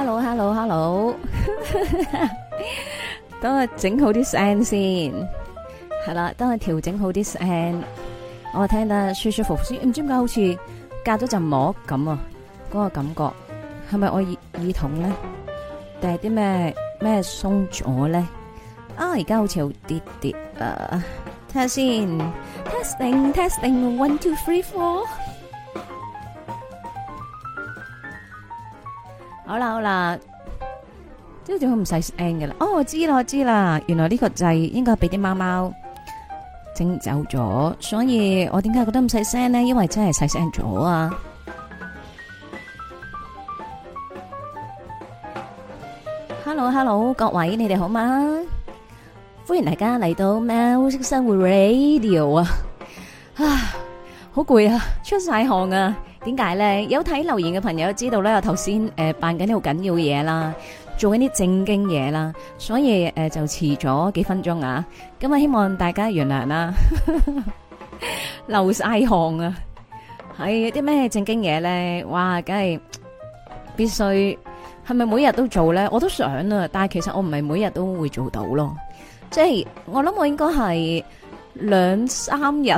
Hello，Hello，Hello，hello, hello. 等我整好啲聲先，係啦，等我調整好啲聲，我聽得舒舒服服，唔知點解好似隔咗陣膜咁啊，嗰、嗰個感覺係咪我耳耳筒咧？定係啲咩咩鬆咗咧？啊、哦，而家好似好啲啲。啊！睇下先，Testing，Testing，One，Two，Three，Four。啊，呢種唔使聲嘅啦。哦，我知啦，我知啦，原來呢個掣應該俾啲貓貓整走咗，所以我點解覺得咁細聲呢？因為真係細聲咗啊！Hello，Hello，各位你哋好嗎？歡迎大家嚟到喵式生活 Radio 啊！啊，好攰啊，出晒汗啊！點解咧？有睇留言嘅朋友知道咧，我頭先誒辦緊呢套緊要嘅嘢啦，做緊啲正經嘢啦，所以誒就遲咗幾分鐘啊。咁啊，希望大家原諒啦，流晒汗啊。係有啲咩正經嘢咧？哇，梗係必須係咪每日都做咧？我都想啊，但係其實我唔係每日都會做到咯。即係我諗我應該係兩三日。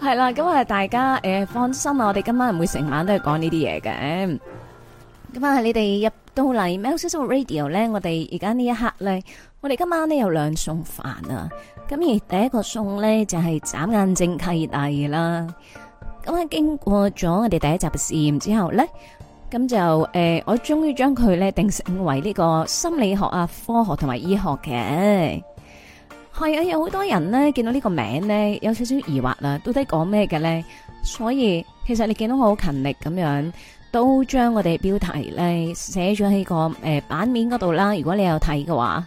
係啦，咁啊， 大家誒、呃、放心啊，我哋今晚唔會成晚都係講呢啲嘢嘅。咁啊，你哋入到嚟《喵式生活 Radio》咧，我哋而家呢一刻咧，我哋今晚呢有兩餸飯啊。咁而第一個餸咧就係眨眼睛契熱大啦。咁啊，經過咗我哋第一集嘅試驗之後咧，咁就誒、呃，我終於將佢咧定性為呢個心理學啊、科學同埋醫學嘅。係啊，有好多人咧見到呢個名咧有少少疑惑啦，到底講咩嘅咧？所以其實你見到我好勤力咁樣，都將我哋標題咧寫咗喺個誒、呃、版面嗰度啦。如果你有睇嘅話，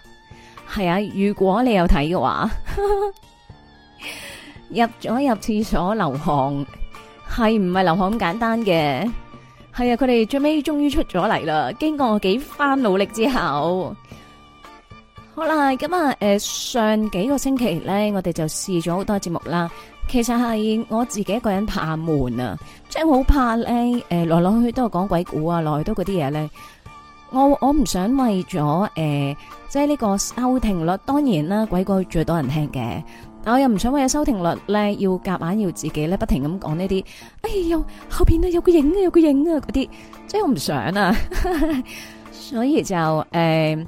係啊，如果你有睇嘅話，呵呵，入咗入廁所流汗，係唔係流汗咁簡單嘅？係啊，佢哋最尾終於出咗嚟啦，經過我幾番努力之後。好啦，咁啊，誒，上幾個星期咧，我哋就試咗好多節目啦。其實係我自己一個人怕悶啊，即係好怕咧，誒、呃，來來去去都係講鬼故啊，來去都嗰啲嘢咧，我我唔想為咗誒、呃，即係呢個收聽率，當然啦，鬼故最多人聽嘅，但我又唔想為咗收聽率咧，要夾硬要自己咧不停咁講呢啲，哎，又後邊啊有個影啊有個影啊嗰啲，即係我唔想啊， 所以就誒。呃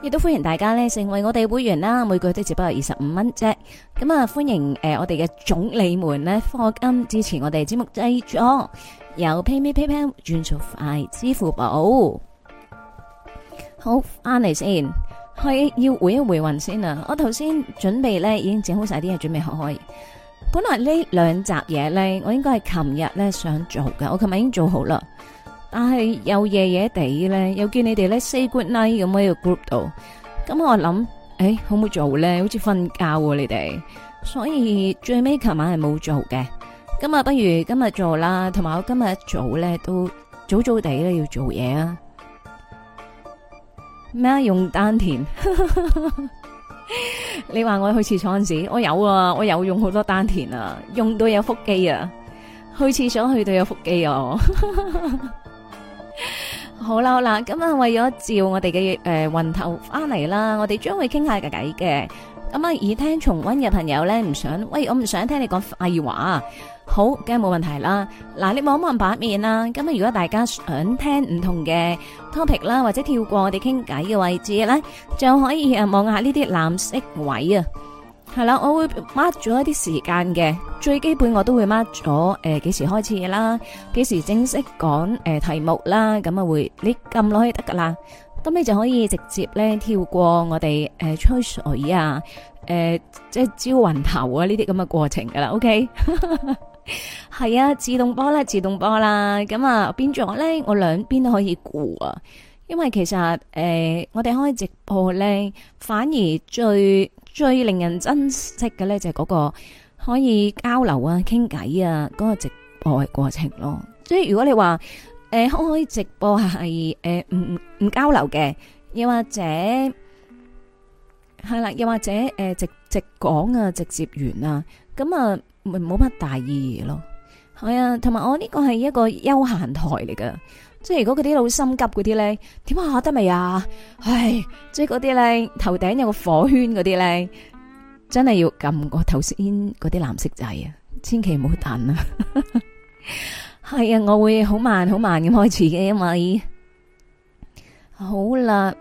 亦都歡迎大家咧成為我哋會員啦，每個月都只不過二十五蚊啫。咁啊，歡迎誒、呃，我哋嘅總理們咧，課金支持我哋節目製作，由 PayMe、PayPal、轉咗快支付寶。好，翻嚟先，係要回一回魂先啊！我頭先準備咧已經整好晒啲嘢，準備開開。本來呢兩集嘢咧，我應該係琴日咧想做嘅，我琴日已經做好啦。但係又夜夜地咧，又見你哋咧 say good night 咁喺個 group 度，咁我諗誒，好冇做咧，好似瞓覺啊你哋，所以最尾琴晚係冇做嘅。今日不如今日做啦，同埋我今日一早咧都早早地咧要做嘢啊。咩啊？用丹田？你話我去廁所嗰陣時，我有啊，我有用好多丹田啊，用到有腹肌啊，去廁所去到有腹肌哦。好啦，嗱，咁啊，為咗照我哋嘅誒雲頭翻嚟啦，我哋將會傾下個偈嘅。咁啊，耳聽重温嘅朋友咧，唔想，喂，我唔想聽你講廢話，好，梗係冇問題啦。嗱，你望一望版面啦。咁啊，如果大家想聽唔同嘅 topic 啦，或者跳過我哋傾偈嘅位置咧，就可以啊望下呢啲藍色位啊。係啦，我會 mark 咗一啲時間嘅，最基本我都會 mark 咗誒，幾、呃、時開始嘅啦，幾時正式講誒、呃、題目啦，咁啊會你撳落去得噶啦，咁你就可以直接咧跳過我哋誒、呃、吹水啊，誒、呃、即係招雲頭啊呢啲咁嘅過程噶啦，OK，係 啊，自動波啦，自動波啦，咁啊變咗咧我兩邊都可以估啊，因為其實誒、呃、我哋開直播咧反而最最令人珍惜嘅咧，就係、是、嗰個可以交流啊、傾偈啊，嗰、那個直播嘅過程咯。即、就、係、是、如果你話誒可唔可以直播係誒唔唔交流嘅，又或者係啦，又或者誒、呃、直直講啊、直接完啊，咁啊咪冇乜大意義咯。係啊，同埋我呢個係一個休閒台嚟噶。即係如果嗰啲好心急嗰啲咧，點啊吓得未啊？唉，即係嗰啲咧，頭頂有個火圈嗰啲咧，真係要撳過頭先嗰啲藍色掣啊！千祈唔好彈啊！係啊，我會好慢好慢咁開始嘅，因為好啦，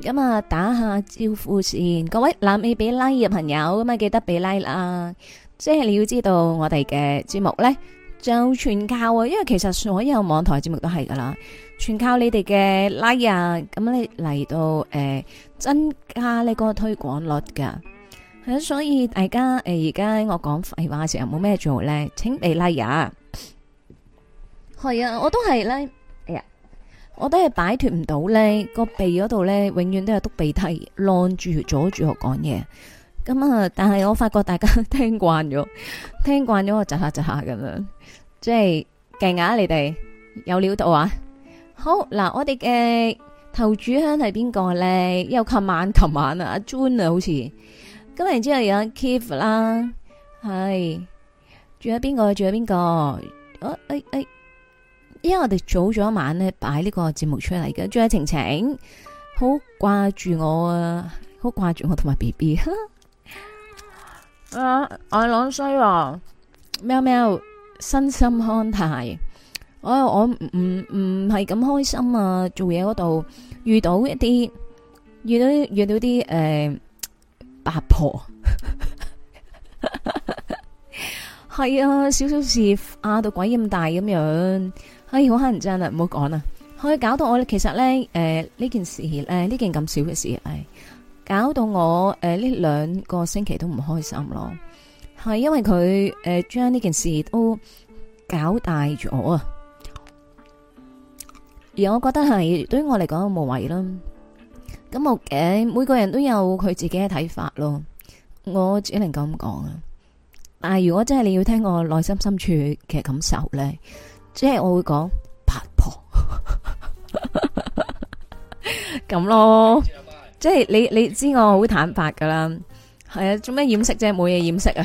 咁啊打下招呼先，各位男女俾拉嘅朋友咁啊，記得俾拉啦。即係你要知道我哋嘅節目咧。就全靠啊，因為其實所有網台節目都係噶啦，全靠你哋嘅 like 啊，咁你嚟到誒增加你個推廣率噶，係啊，所以大家誒而家我講廢話時候冇咩做咧，請俾 like 啊，係啊，我都係咧，哎呀，我都係擺脫唔到咧個鼻嗰度咧，永遠都係督鼻涕，晾住阻住我講嘢，咁啊，但係我發覺大家聽慣咗，聽慣咗我窒下窒下咁樣。即係勁啊！你哋有料到啊？好嗱，我哋嘅頭柱香係邊個咧？又琴晚，琴晚啊，阿 John 啊，好似今日然之後有阿 Keith 啦，係仲有邊個？仲有邊個？誒誒、啊、哎，哎，因為我哋早咗一晚咧，擺呢個節目出嚟嘅，仲有晴晴，好掛住我，啊，好掛住我同埋 B B。我我朗西，喵喵。身心康泰，哎、我我唔唔係咁開心啊！做嘢嗰度遇到一啲遇到遇到啲誒、呃、八婆，係 啊，少少事拗到鬼咁大咁樣，可以好乞人憎啊！唔好講啊，可、哎、以搞到我咧。其實咧誒呢、呃、呢件事咧呢、呃、件咁少嘅事，係、哎、搞到我誒呢兩個星期都唔開心咯。係因為佢誒將呢件事都搞大咗啊！而我覺得係對於我嚟講無謂啦，啊。咁我嘅每個人都有佢自己嘅睇法咯。我只能咁講啊。但係如果真係你要聽我內心深處嘅感受咧，即係我會講八婆咁咯。即 係樂你你知我好坦白噶啦。係啊，做咩掩飾啫？冇嘢掩飾啊！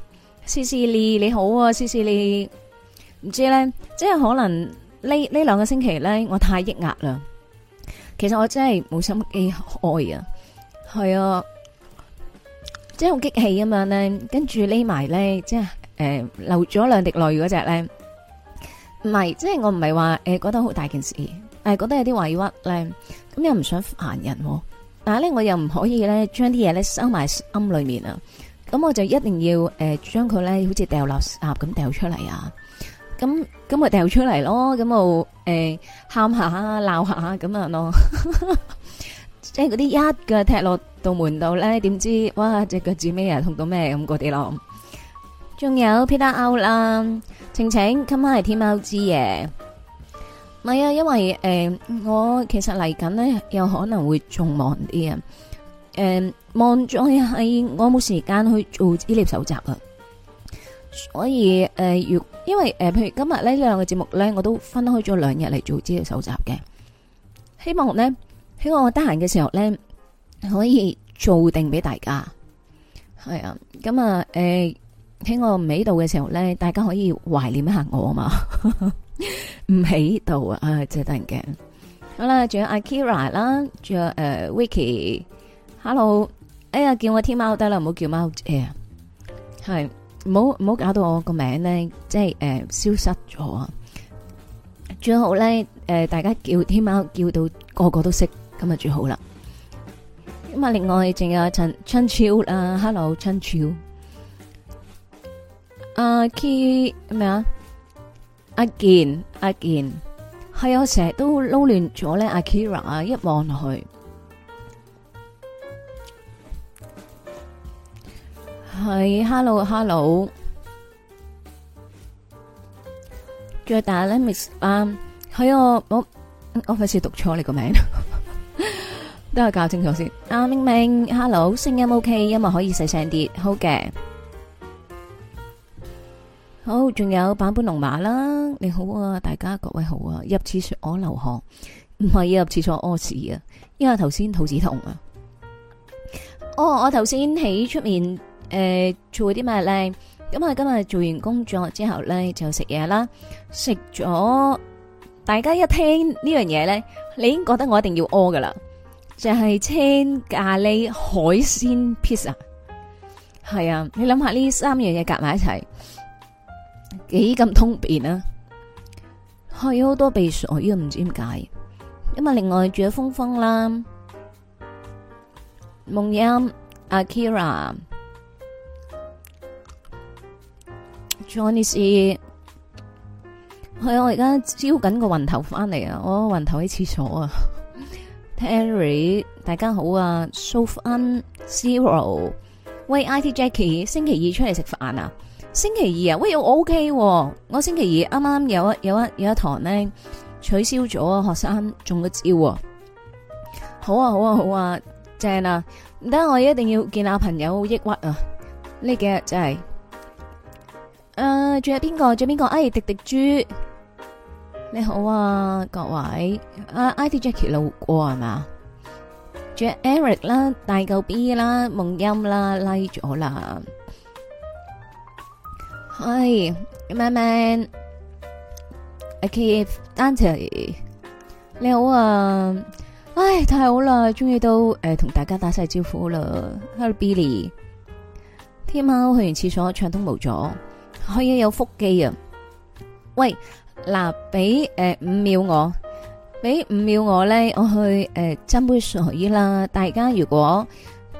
斯斯利你好啊，斯斯利唔知咧，即係可能呢呢兩個星期咧，我太抑壓啦。其實我真係冇心機開啊，係啊，即係好激氣咁樣咧。跟住匿埋咧，即係誒、呃、流咗兩滴淚嗰隻咧，唔係，即係我唔係話誒覺得好大件事，係覺得有啲委屈咧，咁又唔想煩人，但係咧、哦、我又唔可以咧將啲嘢咧收埋心裏面啊。咁我就一定要誒，將佢咧好似掉垃圾咁掉出嚟啊！咁咁咪掉出嚟咯，咁我誒喊、呃、下鬧下咁啊咯，即係嗰啲一腳踢落到門度咧，點知哇隻腳趾尾啊痛到咩咁嗰啲咯！仲有 o 蛋歐啦，晴晴今晚係天貓之夜，唔係啊，因為誒、呃、我其實嚟緊咧有可能會仲忙啲啊，誒、嗯。望在係我冇時間去做資料搜集啊，所以誒，如、呃、因為誒、呃，譬如今日呢兩個節目咧，我都分開咗兩日嚟做資料搜集嘅。希望咧，希望我得閒嘅時候咧，可以做定俾大家。係啊，咁、嗯、啊，誒、呃，喺我唔喺度嘅時候咧，大家可以懷念一下我啊嘛，唔喺度啊，啊真係得人驚。好啦，仲有阿 Kira 啦，仲有誒，Vicky，Hello。呃 Vicky Hello 哎呀，叫我天貓得啦，唔好叫貓姐啊，係唔好唔好搞到我個名咧，即係誒消失咗啊！最好咧誒，大家叫天貓叫到個個都識，今日最好啦。咁啊，另外仲有陳春超啦，Hello 春超，阿 Key 咩啊？阿健阿健，係啊成日都撈亂咗咧，Akira 啊，一望落去。係，Hello，Hello，最大咧 Miss 啊。喺、哎、我我我費事讀錯你個名字，都係搞清楚先啊。明明，Hello，聲音 OK，音咪可以細聲啲。好嘅，好，仲有版本龍馬啦。你好啊，大家各位好啊。入廁所我流汗，唔係要入廁所屙屎啊，因為頭先肚子痛啊。哦，我頭先喺出面。誒，做啲乜咧？咁啊，今日做完工作之後咧，就食嘢啦。食咗，大家一聽呢樣嘢咧，你已經覺得我一定要屙噶啦。就係青咖喱海鮮 pizza，係啊，你諗下呢三樣嘢夾埋一齊，幾咁通便啊？開好多鼻水，唔知點解。咁啊，另外仲有峰峰啦、夢音、阿 Kira。Johnny C，係我而家招緊個雲頭翻嚟啊！我雲頭喺廁所啊。Terry，大家好啊。Sophie Zero，喂，IT Jackie，星期二出嚟食飯啊？星期二啊？喂，我 OK，啊，我星期二啱啱有一有一有一堂咧取消咗啊，學生中咗招。啊。好啊好啊好啊，正啊。唔得，我一定要見下朋友，抑鬱啊！呢幾日真係。誒，仲、啊、有邊個？仲有邊個？哎，迪迪豬，你好啊，各位，阿阿 D Jackie 路過係嘛？仲、啊、有 Eric 啦，大舊 B 啦，夢音啦，拉、like, 咗啦，係 Man Man，A K F Dante，你好啊，唉、哎，太好啦，終於都誒、呃，同大家打晒招呼啦，Hello Billy，天喵去完廁所暢通無阻。可以有腹肌啊！喂，嗱，俾誒五秒我，俾五秒我咧，我去誒斟杯水啦。大家如果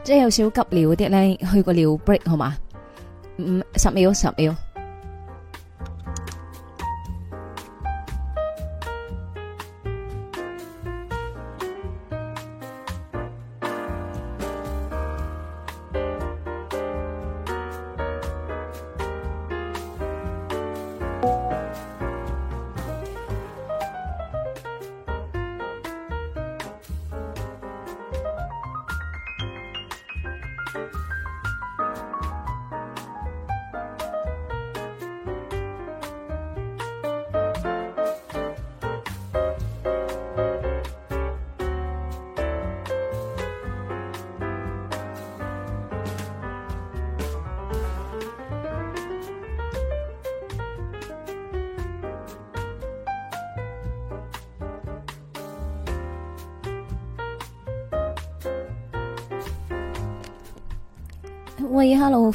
即係有少急尿嗰啲咧，去個尿 break 好嘛？嗯，十秒，十秒。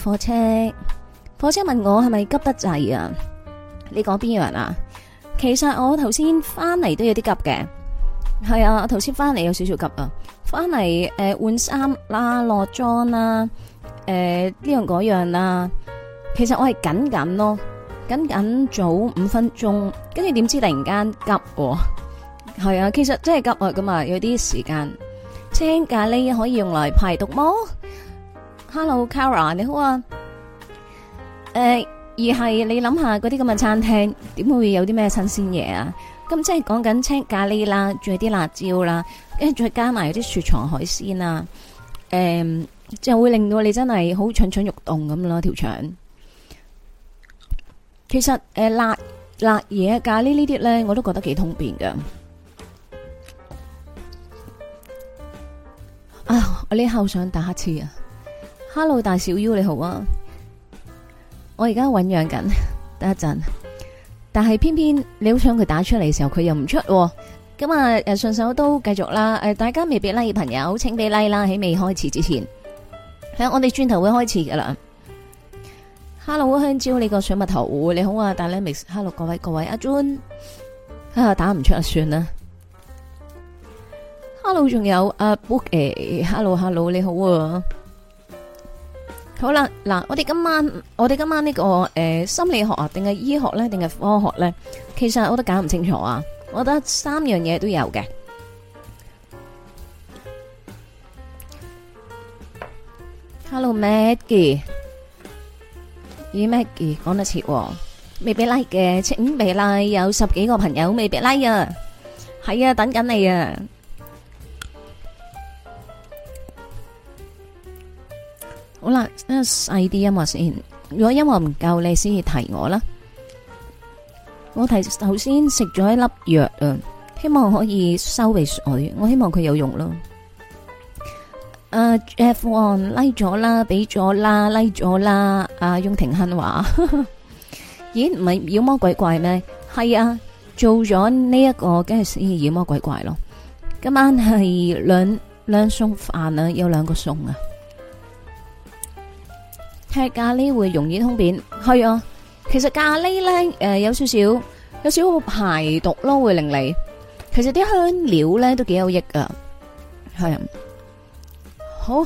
火車，火車問我係咪急得滯啊？你講邊樣啊？其實我頭先翻嚟都有啲急嘅，係啊，我頭先翻嚟有少少急啊，翻嚟誒換衫啦、落妝啦、誒呢樣嗰樣啦。其實我係緊緊咯，緊緊早五分鐘，跟住點知突然間急？係啊，其實真係急啊，咁啊有啲時間。青咖喱可以用嚟排毒麼？Hello，Kara，你好啊。誒、呃，而係你諗下嗰啲咁嘅餐廳，點會有啲咩新鮮嘢啊？咁即係講緊青咖喱啦，仲有啲辣椒啦，跟住加埋啲雪藏海鮮啊。誒、呃，就會令到你真係好蠢蠢欲動咁囉，條腸。其實誒、呃、辣辣嘢咖喱呢啲咧，我都覺得幾通便噶。啊，我呢刻想打一次啊！Hello，大小 U 你好啊！我而家醞釀緊，等一陣。但係偏偏你好想佢打出嚟嘅時候，佢又唔出。咁啊，誒順手都繼續啦。誒、呃，大家未俾拉嘅朋友，請俾拉、like、啦。喺未開始之前，係、啊、我哋轉頭會開始㗎啦。Hello，香蕉你個水蜜桃，你好啊，大 l e m i s Hello，各位各位，阿 Jun，啊、June、啊打唔出啊，算啦。Hello，仲有阿、啊、Book 誒，Hello，Hello，你好啊。好啦，嗱，我哋今晚我哋今晚呢個誒心理學啊，定係醫學咧，定係科學咧，其實我都搞唔清楚啊。我覺得三樣嘢都有嘅。Hello Maggie，咦，Maggie 講得切，未俾 like 嘅，請俾 like，有十幾個朋友未俾 like 啊，係啊，等緊你啊。好啦，啊，細啲音樂先，如果音樂唔夠，你先至提我啦。我提頭先食咗一粒藥啊，希望可以收鼻水。我希望佢有用咯。啊，F1 拉咗啦，俾咗啦，拉、like、咗啦。阿、啊、雍廷亨話，咦，唔係妖魔鬼怪咩？係啊，做咗呢一個梗係妖魔鬼怪咯。今晚係兩兩餸飯啊，有兩個餸啊。吃咖喱會容易通便，係啊，其實咖喱咧，誒、呃，有少少有少少排毒咯，會令你。其實啲香料咧都幾有益噶，係、啊。好，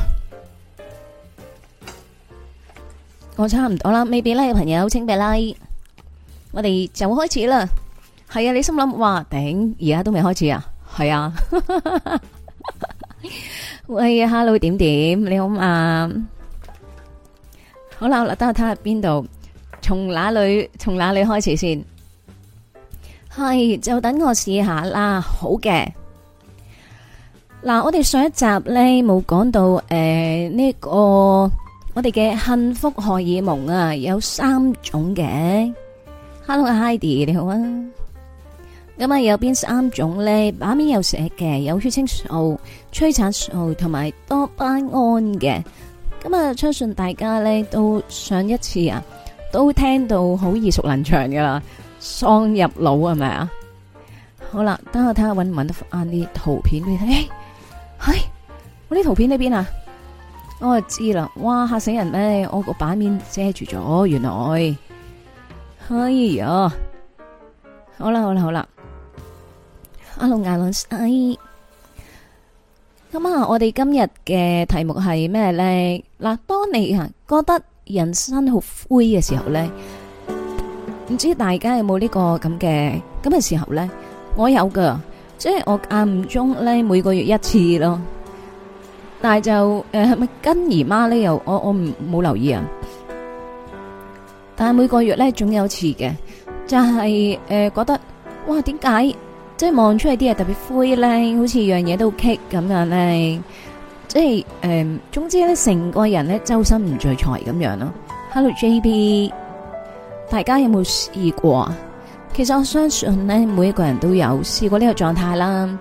我差唔多啦，未必咧，朋友請俾，like，我哋就開始啦。係啊，你心諗，哇，頂，而家都未開始啊？係 啊。喂，Hello，點點你好嘛？好啦，嗱，等我睇下邊度，從哪裏從哪裏開始先？係就等我試下啦。好嘅，嗱，我哋上一集咧冇講到誒呢、呃這個我哋嘅幸福荷爾蒙啊，有三種嘅。Hello，Hedy 你好啊。咁啊有邊三種咧？版面有寫嘅有血清素、催產素同埋多巴胺嘅。咁啊，相信大家咧都上一次啊，都聽到好耳熟能詳噶啦，喪入腦係咪啊？好啦，等我睇下搵唔搵得返啲圖片俾你睇，唉、欸欸，我啲圖片喺邊啊，我就知啦，哇嚇死人咩？我個版面遮住咗，原來，哎呀，好啦好啦好啦，阿龍阿龍，咁啊！我哋今日嘅題目係咩咧？嗱，當你啊覺得人生好灰嘅時候咧，唔知大家有冇呢個咁嘅咁嘅時候咧？我有噶，即係我間唔中咧每個月一次咯。但係就誒，係咪跟姨媽咧，又我我唔冇留意啊。但係每個月咧總有一次嘅，就係誒覺得哇，點解？即係望出嚟啲嘢特別灰咧，好似樣嘢都棘咁樣咧，即係誒、呃，總之咧，成個人咧周身唔聚財咁樣咯。Hello JB，大家有冇試過？其實我相信咧，每一個人都有試過呢個狀態啦。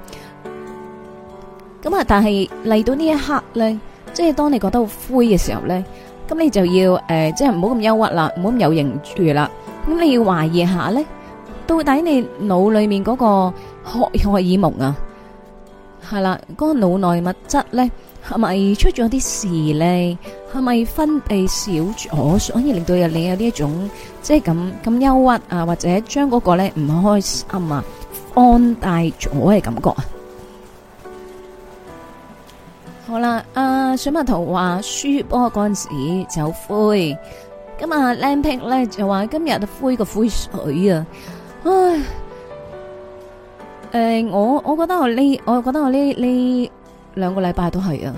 咁啊，但係嚟到呢一刻咧，即係當你覺得好灰嘅時候咧，咁你就要誒、呃，即係唔好咁憂鬱啦，唔好咁有形住啦，咁你要懷疑一下咧。到底你腦裏面嗰個荷荷爾蒙啊，係啦，嗰、嗰個腦內物質咧，係咪出咗啲事咧？係咪分泌少咗，所以令到有你有呢一種即係咁咁憂鬱啊，或者將嗰個咧唔開心啊，放大咗嘅感覺啊？好啦，阿、啊、水蜜桃話輸波嗰陣時就灰，啊、就今日靚皮咧就話今日都灰個灰水啊！唉，誒、呃，我我覺得我呢，我覺得我呢呢兩個禮拜都係啊，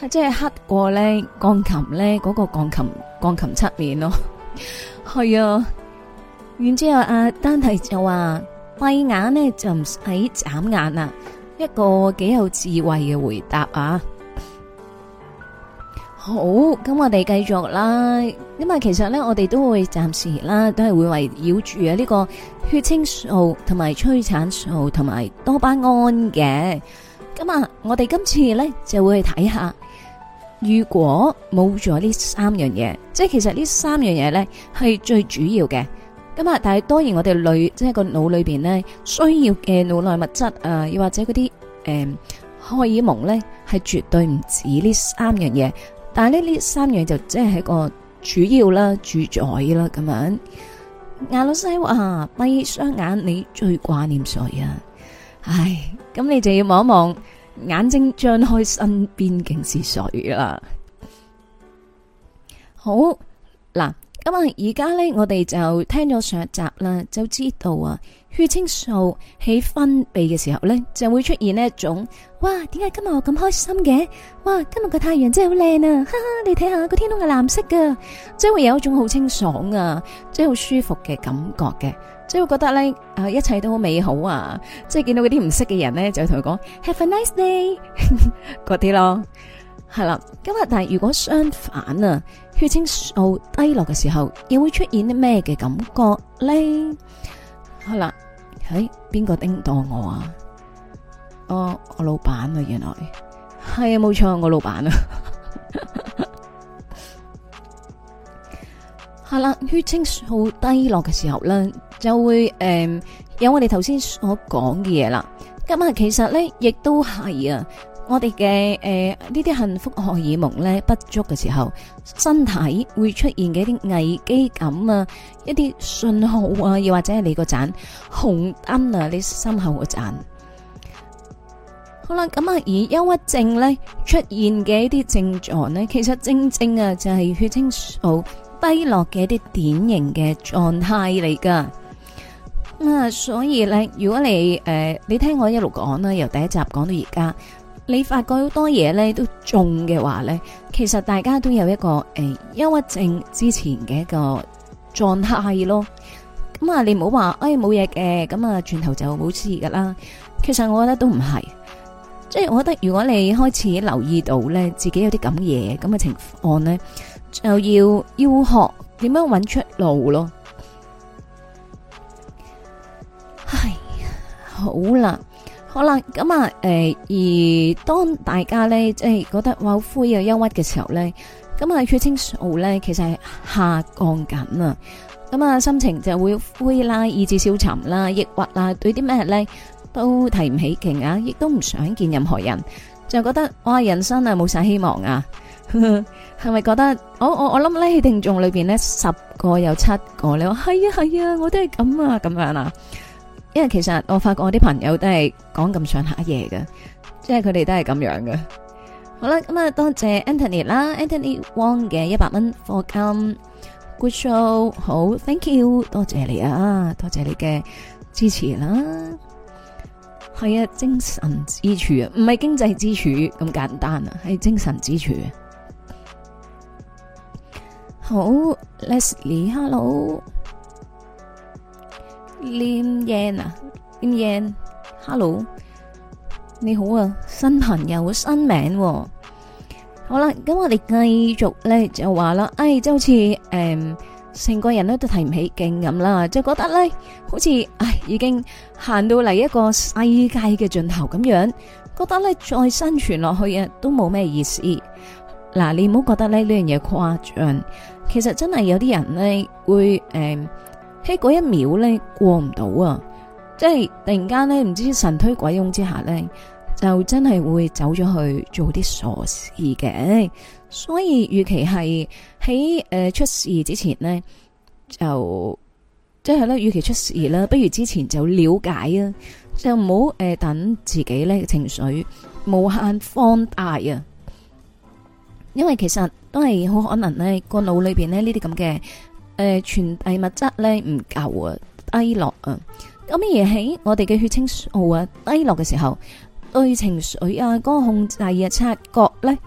係即係黑過呢鋼琴呢嗰、那個鋼琴鋼琴漆面咯，係 啊。然之後阿、啊、丹提就話閉眼呢就唔使眨眼啦，一個幾有智慧嘅回答啊。好，咁我哋繼續啦。咁啊，其實咧，我哋都會暫時啦，都係會圍繞住啊呢個血清素同埋催產素同埋多巴胺嘅。咁啊，我哋今次咧就會去睇下，如果冇咗呢三樣嘢，即係其實呢三樣嘢咧係最主要嘅。咁啊，但係當然我哋腦即係個腦裏邊咧需要嘅腦內物質啊，又或者嗰啲誒荷爾蒙咧係絕對唔止呢三樣嘢。但係呢呢三樣就即係喺個。主要啦，主宰啦咁樣。亞老西話閉雙眼，你最掛念誰啊？唉，咁你就要望一望，眼睛張開，身邊竟是誰啦、啊？好，嗱。咁啊，而家咧，我哋就聽咗上集啦，就知道啊，血清素喺分泌嘅時候咧，就會出現一種，哇，點解今日我咁開心嘅？哇，今日個太陽真係好靚啊，哈哈，你睇下，個天空係藍色噶，即係會有一種好清爽啊，即係好舒服嘅感覺嘅，即係會覺得咧，啊，一切都好美好啊，即係見到嗰啲唔識嘅人咧，就同佢講 Have a nice day，嗰啲 咯。係啦，今日、嗯、但係如果相反啊，血清素低落嘅時候，又會出現啲咩嘅感覺咧？係啦，喺邊個叮當我啊？我我老闆啊，原來係啊，冇錯，我老闆啊，啊。係啦、啊 嗯，血清素低落嘅時候咧，就會誒、呃、有我哋頭先所講嘅嘢啦。今日其實咧，亦都係啊。我哋嘅誒呢啲幸福荷爾蒙咧，不足嘅時候，身體會出現嘅一啲危機感啊，一啲信號啊，又或者係你個盞紅燈啊，你心口個盞好啦。咁啊，而憂鬱症咧出現嘅一啲症狀咧，其實正正啊就係、是、血清素低落嘅一啲典型嘅狀態嚟噶。啊，所以咧，如果你誒、呃、你聽我一路講啦，由第一集講到而家。你發覺好多嘢咧都中嘅話咧，其實大家都有一個誒憂鬱症之前嘅一個狀態咯。咁啊，你唔好話誒冇嘢嘅，咁啊轉頭就冇事噶啦。其實我覺得都唔係，即係我覺得如果你開始留意到咧，自己有啲咁嘢咁嘅情況咧，就要要學點樣揾出路咯。唉，好啦。好啦，咁啊，誒，而當大家咧即係覺得好灰啊憂鬱嘅時候咧，咁啊血清素咧其實係下降緊啊，咁啊心情就會灰啦、啊，意志消沉啦、啊，抑鬱啦、啊，對啲咩咧都提唔起勁啊，亦都唔想見任何人，就覺得哇人生啊冇晒希望啊，係 咪覺得、哦、我我我諗咧喺聽眾裏邊咧十個有七個你話係啊係啊，我都係咁啊咁樣啊。因為其實我發覺我啲朋友都係講咁上下嘢嘅，即係佢哋都係咁樣嘅。好啦，咁啊多謝 Anthony 啦，Anthony Wong 嘅一百蚊 for come，Good show，好，Thank you，多謝你啊，多謝你嘅支持啦。係啊，精神支柱啊，唔係經濟支柱咁簡單啊，係精神支柱。好，Leslie，Hello。Leslie, Hello。Lim Yan 啊，Lim Yan，Hello，你好啊，新朋友，新名。好啦，咁我哋繼續咧就話啦，哎，就好似誒，成個人咧都提唔起勁咁啦，就覺得咧好似，哎，已經行到嚟一個世界嘅盡頭咁樣，覺得咧再生存落去啊都冇咩意思。嗱，你唔好覺得咧呢樣嘢誇張，其實真係有啲人咧會誒。喺嗰一秒咧過唔到啊！即係突然間咧，唔知神推鬼擁之下咧，就真係會走咗去做啲傻事嘅。所以與其係喺誒出事之前呢，就即係咧，與其出事啦，不如之前就了解啊，就唔好誒等自己咧情緒無限放大啊！因為其實都係好可能咧，個腦裏邊呢，呢啲咁嘅。.誒，傳遞、呃、物質咧唔夠啊，低落啊，咁而嘢起？我哋嘅血清素啊低落嘅時候，對情緒啊、嗰、嗰個控制啊、察覺咧，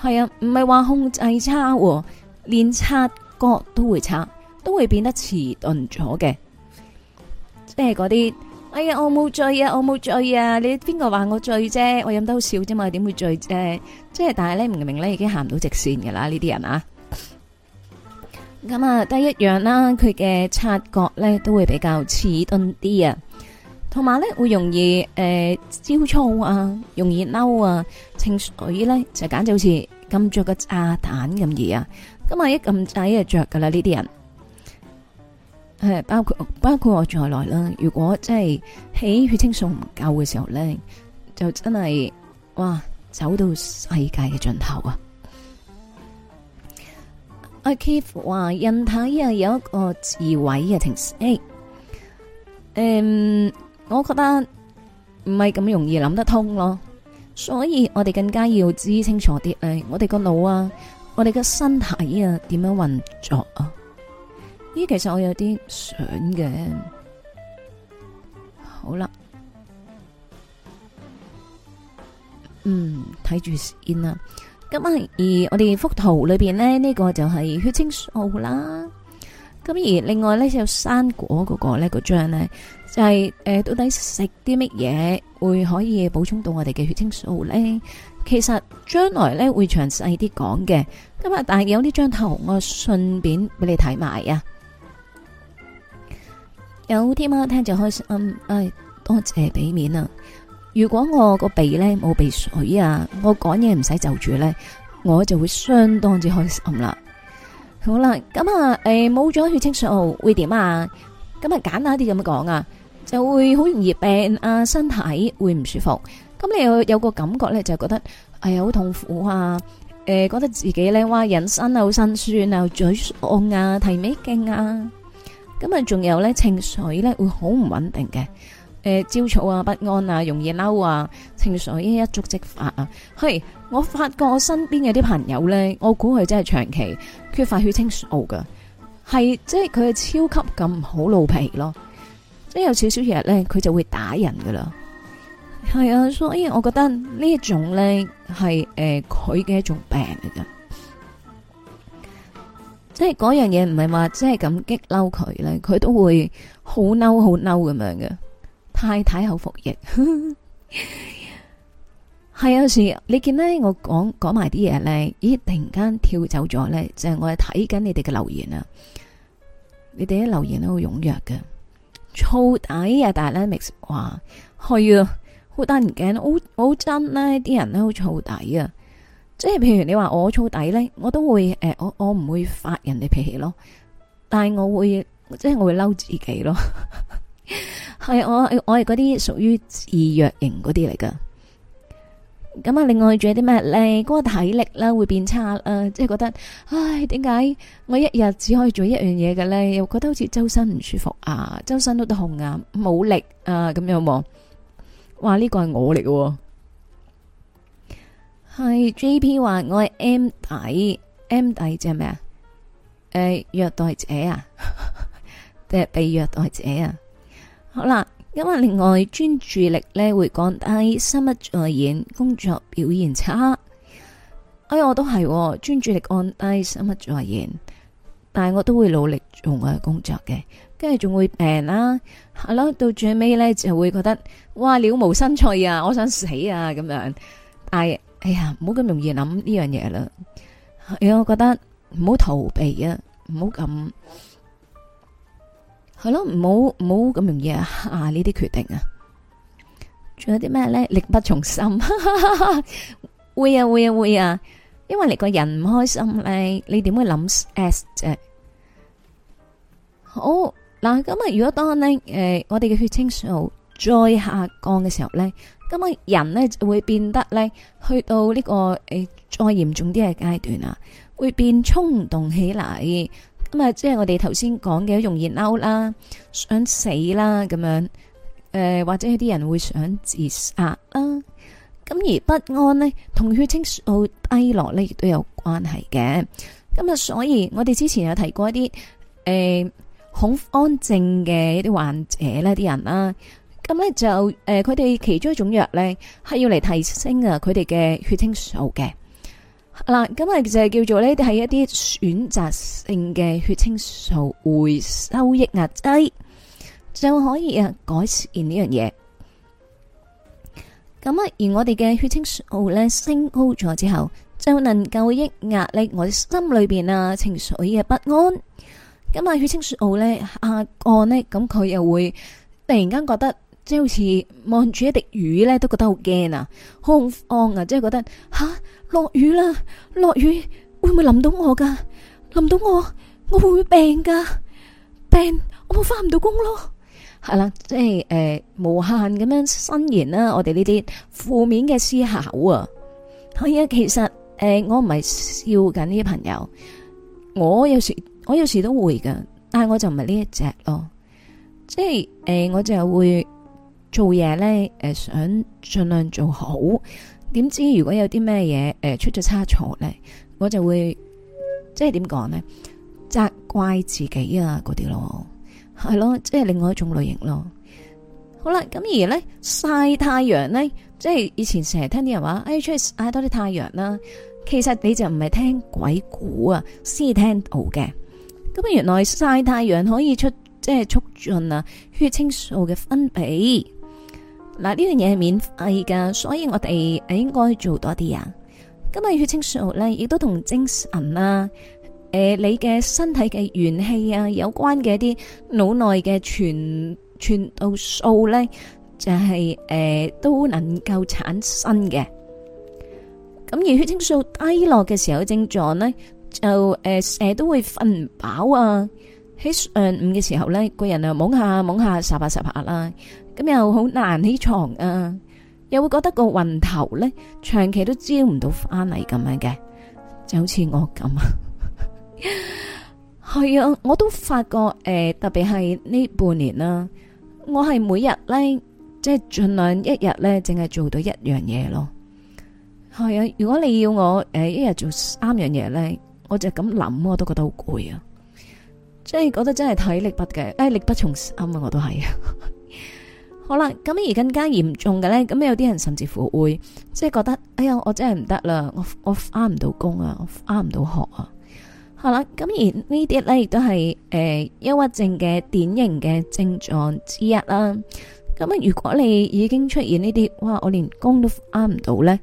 係啊，唔係話控制差、啊，連察覺都會差，都會變得遲鈍咗嘅，即係嗰啲，哎呀，我冇醉啊，我冇醉啊，你邊個話我醉啫？我飲得好少啫嘛，點會醉？啫？即係但係咧，唔明咧，已經行唔到直線噶啦，呢啲人啊。咁啊，第一樣啦，佢嘅察覺咧都會比較遲鈍啲啊，同埋咧會容易誒焦躁啊，容易嬲啊，情緒咧就簡直好似撳着個炸彈咁易啊！咁啊，一撳仔就着噶啦呢啲人，誒，包括包括我在內啦。如果真係起血清素唔夠嘅時候咧，就真係哇，走到世界嘅盡頭啊！i Keith 話人體啊有一個自位嘅停息。誒、嗯，我覺得唔係咁容易諗得通咯，所以我哋更加要知清楚啲咧，我哋個腦啊，我哋個身體啊點樣運作啊？呢其實我有啲想嘅，好啦，嗯，睇住先啦。咁啊，而我哋幅圖裏邊呢，呢、這個就係血清素啦。咁而另外呢，有生果嗰、那個呢、那個張呢，就係、是、誒、呃，到底食啲乜嘢會可以補充到我哋嘅血清素呢？其實將來呢會詳細啲講嘅。咁啊，但係有呢張圖，我順便俾你睇埋啊。有啲啊，聽就開心啊、嗯哎！多謝俾面啊！如果我個鼻咧冇鼻水啊，我講嘢唔使就住咧，我就會相當之開心啦。好啦，咁、呃、啊，誒，冇咗血清素會點啊？咁啊，簡單啲咁講啊，就會好容易病啊，身體會唔舒服。咁你有有個感覺咧，就係覺得哎呀好痛苦啊，誒、呃，覺得自己咧哇，人生啊好辛酸啊，嘴痛啊，提眉勁啊。咁啊，仲有咧情緒咧會好唔穩定嘅。誒，焦躁、呃、啊，不安啊，容易嬲啊，情緒一觸即發啊。係我發覺我身邊嘅啲朋友咧，我估佢真係長期缺乏血清素噶，係即係佢係超級咁好露皮咯，即係有少少嘢咧，佢就會打人噶啦。係啊，所以我覺得這種呢一種咧係誒佢嘅一種病嚟嘅，即係嗰樣嘢唔係話即係咁激嬲佢咧，佢都會好嬲好嬲咁樣嘅。太太口服液，係有時你見呢，我講講埋啲嘢咧，咦突然間跳走咗咧，就係、是、我係睇緊你哋嘅留言啊！你哋啲留言都好踊躍嘅，燥底啊！ 但係咧 mix 話可以咯，好得人驚，好好憎呢。」啲、哎、人咧好燥底啊！即係譬如你話我燥底咧，我都會誒，我我唔會發人哋脾氣咯，但係我會即係、就是、我會嬲自己咯。係我我係嗰啲屬於自虐型嗰啲嚟噶，咁啊，另外仲有啲咩咧？嗰個體力啦會變差啦，即係覺得唉，點解我一日只可以做一樣嘢嘅咧？又覺得好似周身唔舒服啊，周身都得紅眼、啊、冇力啊，咁樣好冇？哇！呢、這個係我嚟嘅，係 J P 話我係 M 底 M 底者咩？誒、呃，虐待者啊，定係， 被虐待者啊。好啦，因為另外專注力咧會降低，心不在焉，工作表現差。哎，我都係專注力降低，心不在焉，但係我都會努力做我嘅工作嘅，跟住仲會病啦、啊，係咯，到最尾咧就會覺得哇了無生趣啊，我想死啊咁樣。哎，哎呀，唔好咁容易諗呢樣嘢啦。哎，我覺得唔好逃避啊，唔好咁。係咯，唔好唔好咁容易啊！呢啲決定啊，仲有啲咩咧？力不從心，會啊會啊會啊！因為你個人唔開心咧，你點會諗 as 啫？好嗱，咁啊，如果當咧誒，我哋嘅血清素再下降嘅時候咧，咁啊人咧就會變得咧，去到呢個誒再嚴重啲嘅階段啊，會變衝動起來。咁啊，即係我哋頭先講嘅容易嬲啦，想死啦咁樣，誒、呃、或者有啲人會想自殺啦。咁而不安呢，同血清素低落呢，亦都有關係嘅。咁啊，所以我哋之前有提過一啲誒、呃、恐慌症嘅一啲患者啦，啲人啦，咁咧就誒佢哋其中一種藥咧係要嚟提升啊佢哋嘅血清素嘅。嗱，咁啊、嗯，就係叫做呢，係一啲選擇性嘅血清素回收抑壓劑，就可以啊改善呢樣嘢。咁啊，而我哋嘅血清素咧升高咗之後，就能夠抑壓力我哋心裏面啊情緒嘅不安。咁啊，血清素咧下降呢，咁佢又會突然間覺得。即係好似望住一滴雨咧，都覺得好驚啊，好慌啊！即係覺得吓落雨啦，落雨會唔會淋到我噶？淋到我，我會唔會病噶？病，我咪翻唔到工咯？係啦，即係誒、呃，無限咁樣伸延啦、呃。我哋呢啲負面嘅思考啊，係啊。其實誒，我唔係笑緊呢啲朋友，我有時我有時都會噶，但係我就唔係呢一隻咯。即係誒、呃，我就會。做嘢咧，誒、呃、想盡量做好，點知如果有啲咩嘢誒出咗差錯咧，我就會即係點講咧，責怪自己啊嗰啲咯，係咯，即係另外一種類型咯。好啦，咁而咧曬太陽咧，即係以前成日聽啲人話，誒、呃、出去曬多啲太陽啦，其實你就唔係聽鬼故啊，先聽到嘅。咁原來曬太陽可以出即係促進啊血清素嘅分泌。嗱，呢樣嘢係免費噶，所以我哋應該做多啲啊。今日血清素咧，亦都同精神啦、啊，誒、呃，你嘅身體嘅元氣啊，有關嘅一啲腦內嘅傳傳導素咧，就係、是、誒、呃、都能夠產生嘅。咁而血清素低落嘅時候，症狀呢就誒誒、呃、都會瞓唔飽啊，喺上午嘅時候呢，個人啊懵下懵下，傻下傻下啦。咁又好難起床啊，又會覺得個運頭咧，長期都招唔到返嚟咁樣嘅，就好似我咁啊。係 啊，我都發覺誒、呃，特別係呢半年啦、啊，我係每日咧即係盡量一日咧淨係做到一樣嘢咯。係啊，如果你要我誒、呃、一日做三樣嘢咧，我就咁諗我都覺得好攰啊，即、就、係、是、覺得真係體力不嘅，誒、哎、力不從心啊，我都係啊。 好啦，咁而更加嚴重嘅咧，咁有啲人甚至乎會即係覺得，哎呀，我真係唔得啦，我我返唔到工啊，我返唔到學啊。好啦，咁而呢啲咧亦都係誒憂鬱症嘅典型嘅症狀之一啦。咁、呃、啊，如果你已經出現呢啲，哇，我連工都返唔到咧，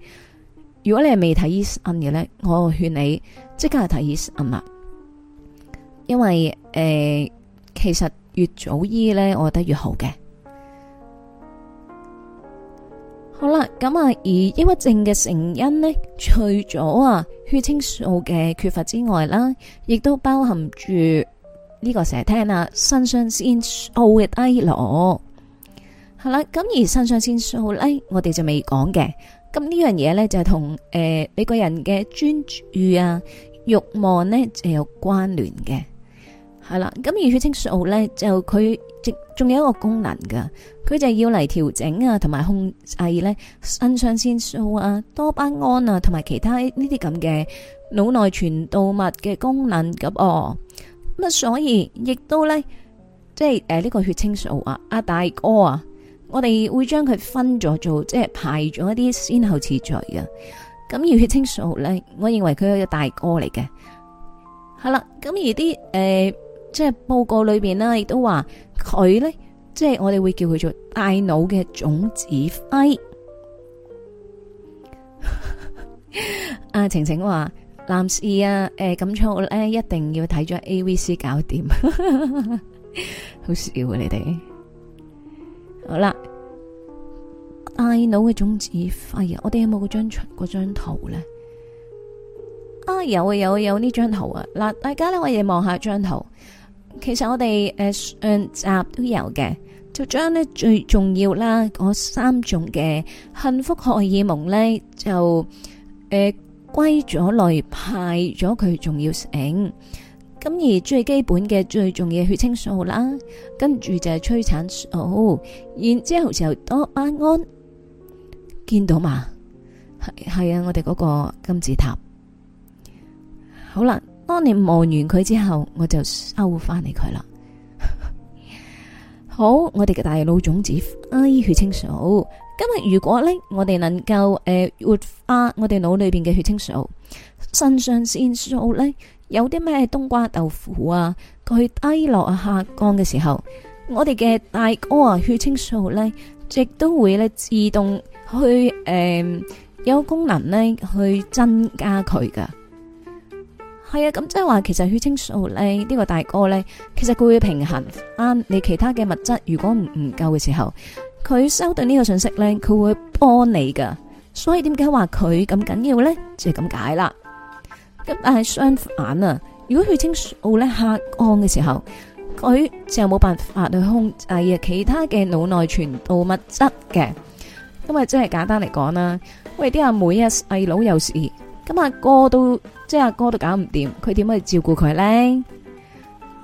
如果你係未睇醫生嘅咧，我勸你即刻去睇醫生啦，因為誒、呃、其實越早醫咧，我覺得越好嘅。好啦，咁啊，而抑鬱症嘅成因呢，除咗啊血清素嘅缺乏之外啦，亦都包含住呢、這個成日聽啊腎上腺素嘅低落，係啦，咁而腎上腺素咧，我哋就未講嘅，咁呢樣嘢呢，就係同誒你個人嘅專注啊慾望呢就有關聯嘅，係啦，咁而血清素呢，就佢。仲有一個功能噶，佢就係要嚟調整啊，同埋控制咧腎上腺素啊、多巴胺啊，同埋其他呢啲咁嘅腦內傳導物嘅功能咁哦。咁啊，所以亦都咧，即係誒呢個血清素啊啊大哥啊，我哋會將佢分咗做即係排咗一啲先後次序嘅。咁而血清素咧，我認為佢係個大哥嚟嘅。係啦，咁而啲誒。呃即係報告裏邊啦，亦都話佢咧，即係我哋會叫佢做大腦嘅總指揮。阿 晴晴話男士啊，誒、欸，咁燥咧，一定要睇咗 A V C 搞掂， 好笑啊！你哋好啦，大腦嘅總指揮啊，我哋有冇嗰張圖嗰張圖咧？啊有啊有啊有呢張圖啊，嗱，大家咧我哋望下張圖。其實我哋誒上集都有嘅，就將咧最重要啦嗰三種嘅幸福荷爾蒙咧就誒、呃、歸咗類派咗佢重要性，咁而最基本嘅最重要嘅係血清素啦，跟住就係催產素，然之後就多巴胺，見到嘛？係係啊，我哋嗰個金字塔，好啦。當你望完佢之後，我就收翻嚟佢啦。 好，我哋嘅大腦種子 a 血清素。今日如果咧，我哋能夠誒、呃、活化我哋腦裏邊嘅血清素、腎上腺素咧，有啲咩冬瓜豆腐啊，佢低落啊下降嘅時候，我哋嘅大哥啊血清素咧，亦都會咧自動去誒、呃、有功能咧去增加佢噶。係啊，咁即係話，其實血清素咧呢個大哥咧，其實佢會平衡翻你其他嘅物質。如果唔唔夠嘅時候，佢收到呢個信息咧，佢會幫你噶。所以點解話佢咁緊要咧？就係咁解啦。咁但係相反啊，如果血清素咧下降嘅時候，佢就冇辦法去控制其他嘅腦內傳導物質嘅。咁啊，即係簡單嚟講啦。喂，啲阿妹啊，細佬有事。咁阿哥都即係阿哥都搞唔掂，佢點可以照顧佢咧？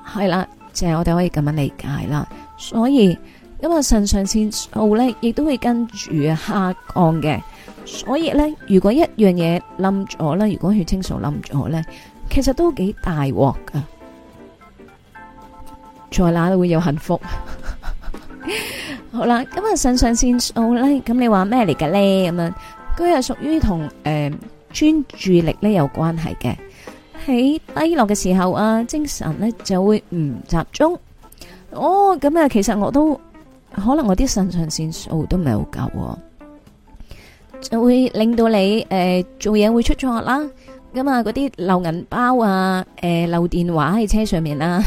係啦，就係我哋可以咁樣理解啦。所以咁啊，腎上腺素咧，亦都會跟住下降嘅。所以咧，如果一樣嘢冧咗啦，如果血清素冧咗咧，其實都幾大鑊噶。在哪都會有幸福？ 好啦，咁啊，腎上腺素咧，咁你話咩嚟㗎咧？咁樣，佢係屬於同誒。呃專注力呢有關係嘅，喺低落嘅時候啊，精神呢就會唔集中。哦，咁啊，其實我都可能我啲腎上腺素都唔係好夠，就會令到你誒、呃、做嘢會出錯啦。咁啊，嗰啲漏銀包啊，誒、呃、漏電話喺車上面啦、啊。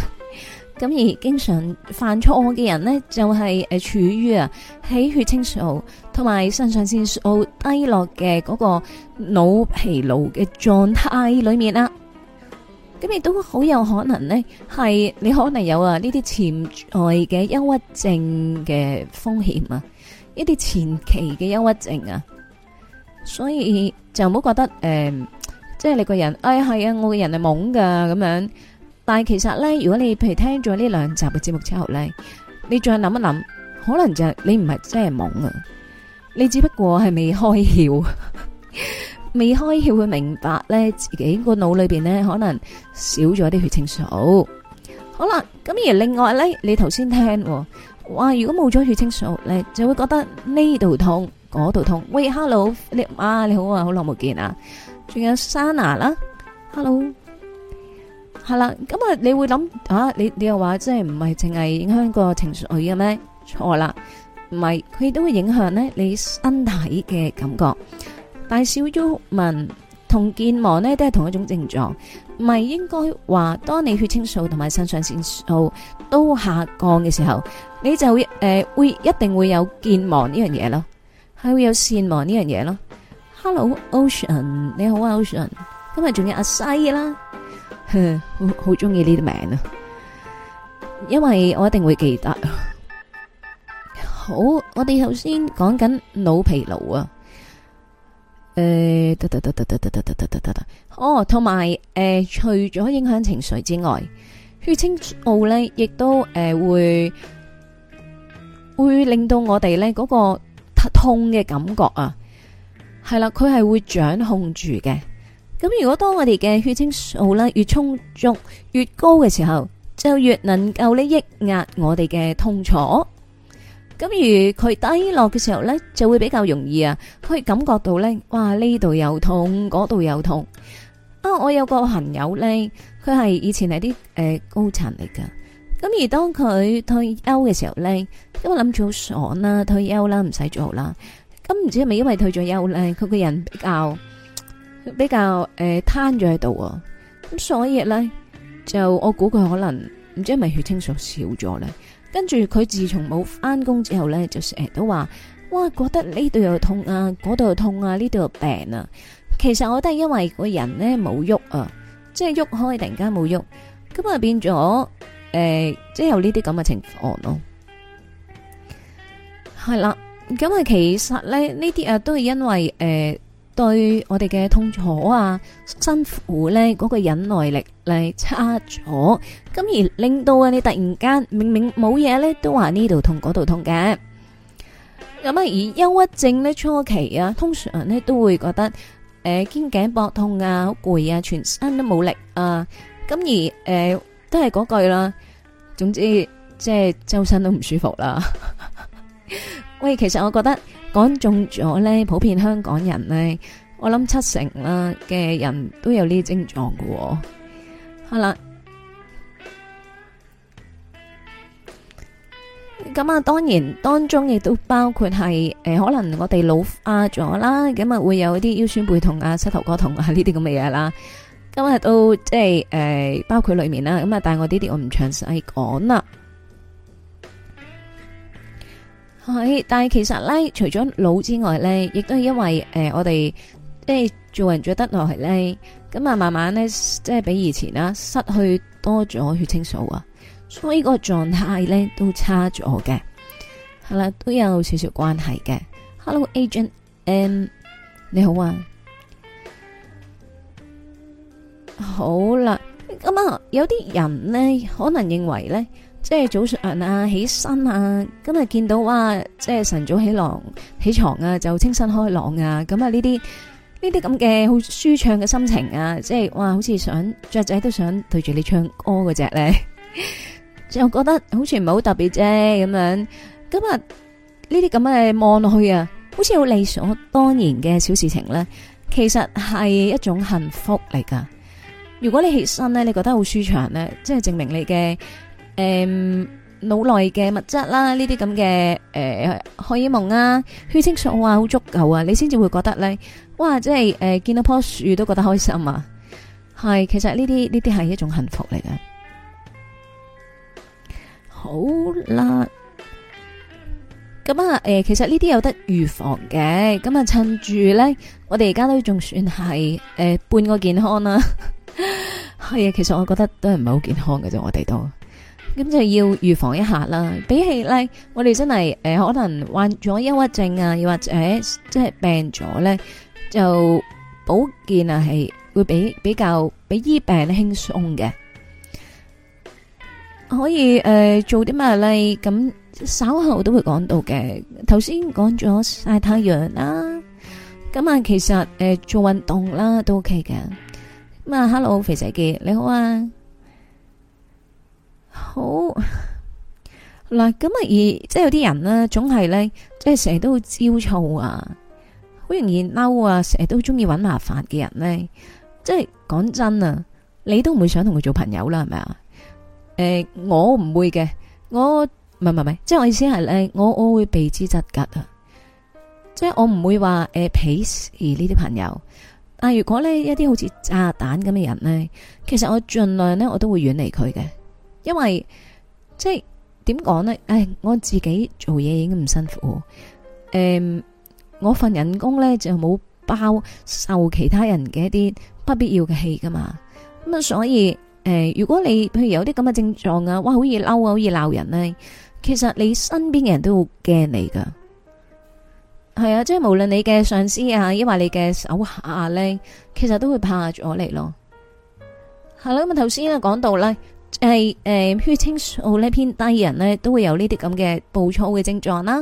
咁而經常犯錯嘅人呢，就係、是、誒處於啊喺血清素。同埋腎上腺素低落嘅嗰個腦疲勞嘅狀態裏面啊，咁亦都好有可能呢。係你可能有啊呢啲潛在嘅憂鬱症嘅風險啊，一啲前期嘅憂鬱症啊，所以就唔好覺得誒、呃，即係你個人，哎係啊，我個人係懵噶咁樣，但係其實呢，如果你譬如聽咗呢兩集嘅節目之後呢，你再諗一諗，可能就係你唔係真係懵啊。你只不過係未開竅，未開竅會明白咧，自己個腦裏邊咧可能少咗啲血清素。好啦，咁而另外咧，你頭先聽，哇，如果冇咗血清素咧，就會覺得呢度痛，嗰度痛。喂，hello，你啊，你好啊，好耐冇見啊，仲有 Sana 啦，hello，係啦，咁啊，你會諗啊，你你又話即係唔係淨係影響個情緒嘅咩？錯啦。唔係，佢都會影響咧你身體嘅感覺。大小腰紋同健忘咧都係同一種症狀。唔係應該話，當你血清素同埋腎上腺素都下降嘅時候，你就誒會、呃、會一定會有健忘呢樣嘢咯，係會有善忘呢樣嘢咯。Hello Ocean，你好啊 Ocean，今日仲有阿西啦，好好中意呢啲名啊，因為我一定會記得。好，我哋頭先講緊腦疲勞啊，誒、呃，得得得得得得得得得得得得，哦，同埋誒，除咗影響情緒之外，血清素咧亦都誒、呃、會會令到我哋咧嗰個痛嘅感覺啊，係啦，佢係會掌控住嘅。咁如果當我哋嘅血清素咧越充足越高嘅時候，就越能夠呢抑壓我哋嘅痛楚。咁而佢低落嘅時候咧，就會比較容易啊，佢感覺到咧，哇呢度又痛，嗰度又痛啊！我有個朋友咧，佢係以前係啲誒高層嚟噶，咁而當佢退休嘅時候咧，因為我諗住好爽啦，退休啦，唔使做啦，咁唔知係咪因為退咗休咧，佢個人比較比較誒攤咗喺度，咁所以咧就我估佢可能唔知係咪血清素少咗咧。跟住佢自從冇翻工之後呢，就成日都話，哇覺得呢度又痛啊，嗰度又痛啊，呢度又病啊。其實我都係因為個人呢冇喐啊，即係喐開突然間冇喐，咁啊變咗誒，即、呃、係、就是、有呢啲咁嘅情況咯。係啦，咁啊其實呢呢啲啊都係因為誒。呃對我哋嘅痛楚啊、辛苦咧，嗰個忍耐力嚟差咗，咁而令到啊你突然間明明冇嘢咧，都話呢度痛嗰度痛嘅。咁啊，而憂鬱症咧初期啊，通常咧都會覺得誒肩頸膊痛啊、好攰啊、全身都冇力啊。咁而誒都係嗰句啦，總之即係周身都唔舒服啦。喂，其實我覺得，講中咗呢普遍香港人呢，我諗七成啦嘅人都有呢啲症狀嘅。好啦，咁啊，當然當中亦都包括係誒、呃，可能我哋老化咗啦，咁、呃、啊會有啲腰酸背痛啊、膝頭哥痛啊呢啲咁嘅嘢啦。今日都即係誒，包括裏面啦，咁啊但係我呢啲，我唔詳細講啦。係，但係其實咧，除咗腦之外咧，亦都係因為誒、呃，我哋即係做人做得落耐咧，咁啊，慢慢咧即係比以前啦，失去多咗血清素啊，所以個狀態咧都差咗嘅，係啦，都有少少關係嘅。Hello Agent M，嗯、你好啊，好啦，咁、嗯、啊，有啲人咧可能認為咧。即係早上啊，起身啊，今日見到哇、啊，即係晨早起浪起床啊，就清新開朗啊，咁啊呢啲呢啲咁嘅好舒暢嘅心情啊，即係哇，好似想雀仔都想對住你唱歌嗰隻咧， 就覺得好似唔係好特別啫咁樣、啊。今日呢啲咁嘅望落去啊，好似好理所當然嘅小事情咧、啊，其實係一種幸福嚟噶。如果你起身咧，你覺得好舒暢咧，即係證明你嘅。誒，腦內嘅物質啦，呢啲咁嘅誒荷爾蒙啊，血清素啊，好足夠啊，你先至會覺得咧，哇，即係誒、呃、見到樖樹都覺得開心啊，係，其實呢啲呢啲係一種幸福嚟嘅。好啦，咁啊，誒、呃，其實呢啲有得預防嘅，咁啊，趁住咧，我哋而家都仲算係誒、呃、半個健康啦、啊。係 啊，其實我覺得都係唔係好健康嘅啫，我哋都。咁就要預防一下啦。比起咧，我哋真係誒，可能患咗抑鬱症啊，又或者誒，即係病咗咧，就保健啊，係會比比較比醫病輕鬆嘅。可以誒，做啲咩咧？咁稍後都會講到嘅。頭先講咗曬太陽啦，咁啊，其實誒做運動啦都 OK 嘅。咁啊，Hello，肥仔傑，你好啊！好嗱，咁啊，而即係有啲人呢，總係呢，即係成日都會焦躁啊，好容易嬲啊，成日都中意揾麻煩嘅人呢。即係講真啊，你都唔會想同佢做朋友啦，係咪啊？誒、欸，我唔會嘅，我唔係唔係，即係我意思係呢，我我會避之則吉啊，即係我唔會話誒鄙視呢啲朋友，但係如果呢，一啲好似炸彈咁嘅人呢，其實我盡量呢，我都會遠離佢嘅。因為即係點講呢，唉、哎，我自己做嘢已經唔辛苦。誒、嗯，我份人工呢，就冇包受其他人嘅一啲不必要嘅氣噶嘛。咁、嗯、啊，所以誒、嗯，如果你譬如有啲咁嘅症狀啊，哇，好易嬲啊，好易鬧人呢，其實你身邊嘅人都好驚你噶。係啊，即係無論你嘅上司啊，抑或你嘅手下呢、啊，其實都會怕咗你嚟咯。係啦，咁啊，頭先啊講到啦。係誒、就是呃，血清素呢偏低人呢，都會有呢啲咁嘅暴躁嘅症狀啦。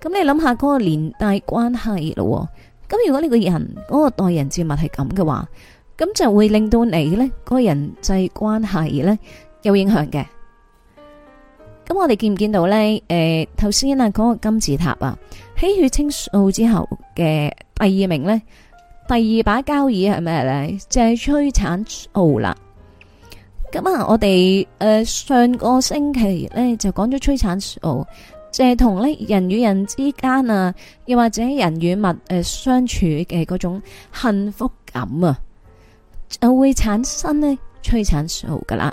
咁你諗下嗰個連帶關係咯。咁如果呢、那個待人嗰個待人接物係咁嘅話，咁就會令到你呢、那個人際關係呢有影響嘅。咁我哋見唔見到呢？誒、呃，頭先啊，嗰個金字塔啊，喺血清素之後嘅第二名呢，第二把交椅係咩呢？就係催產素啦。咁啊，我哋誒上個星期咧就講咗催產素，就係同咧人與人之間啊，又或者人與物誒相處嘅嗰種幸福感啊，就會產生咧催產素噶啦。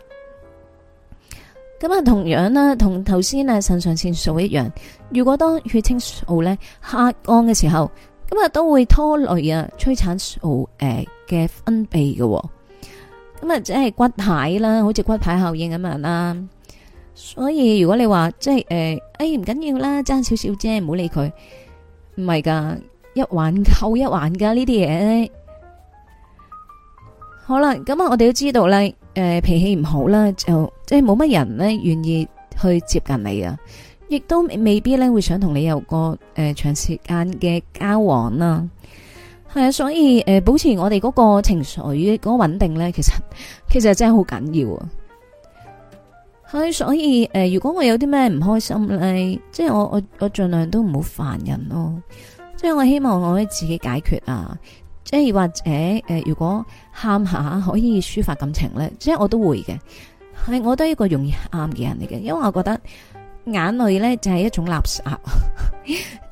咁啊，同樣啦，同頭先啊腎上腺素一樣，如果當血清素咧下降嘅時候，咁啊都會拖累啊催產素誒嘅分泌喎。咁啊，即係骨牌啦，好似骨牌效應咁樣啦。所以如果你話即係誒，哎唔緊要啦，爭少少啫，唔好理佢。唔係噶，一環扣一環噶呢啲嘢。好啦，咁啊，我哋都知道咧，誒、呃、脾氣唔好啦，就即係冇乜人咧願意去接近你啊，亦都未，未必咧會想同你有個誒、呃、長時間嘅交往啦。係啊，所以誒、呃，保持我哋嗰個情緒嗰個穩定咧，其實其實真係好緊要啊。係所以誒、呃，如果我有啲咩唔開心咧，即係我我我盡量都唔好煩人咯。即係我希望我可以自己解決啊。即係或者誒、呃，如果喊下可以抒發感情咧，即係我都會嘅。係，我都係一個容易喊嘅人嚟嘅，因為我覺得。眼淚咧就係、是、一種垃圾，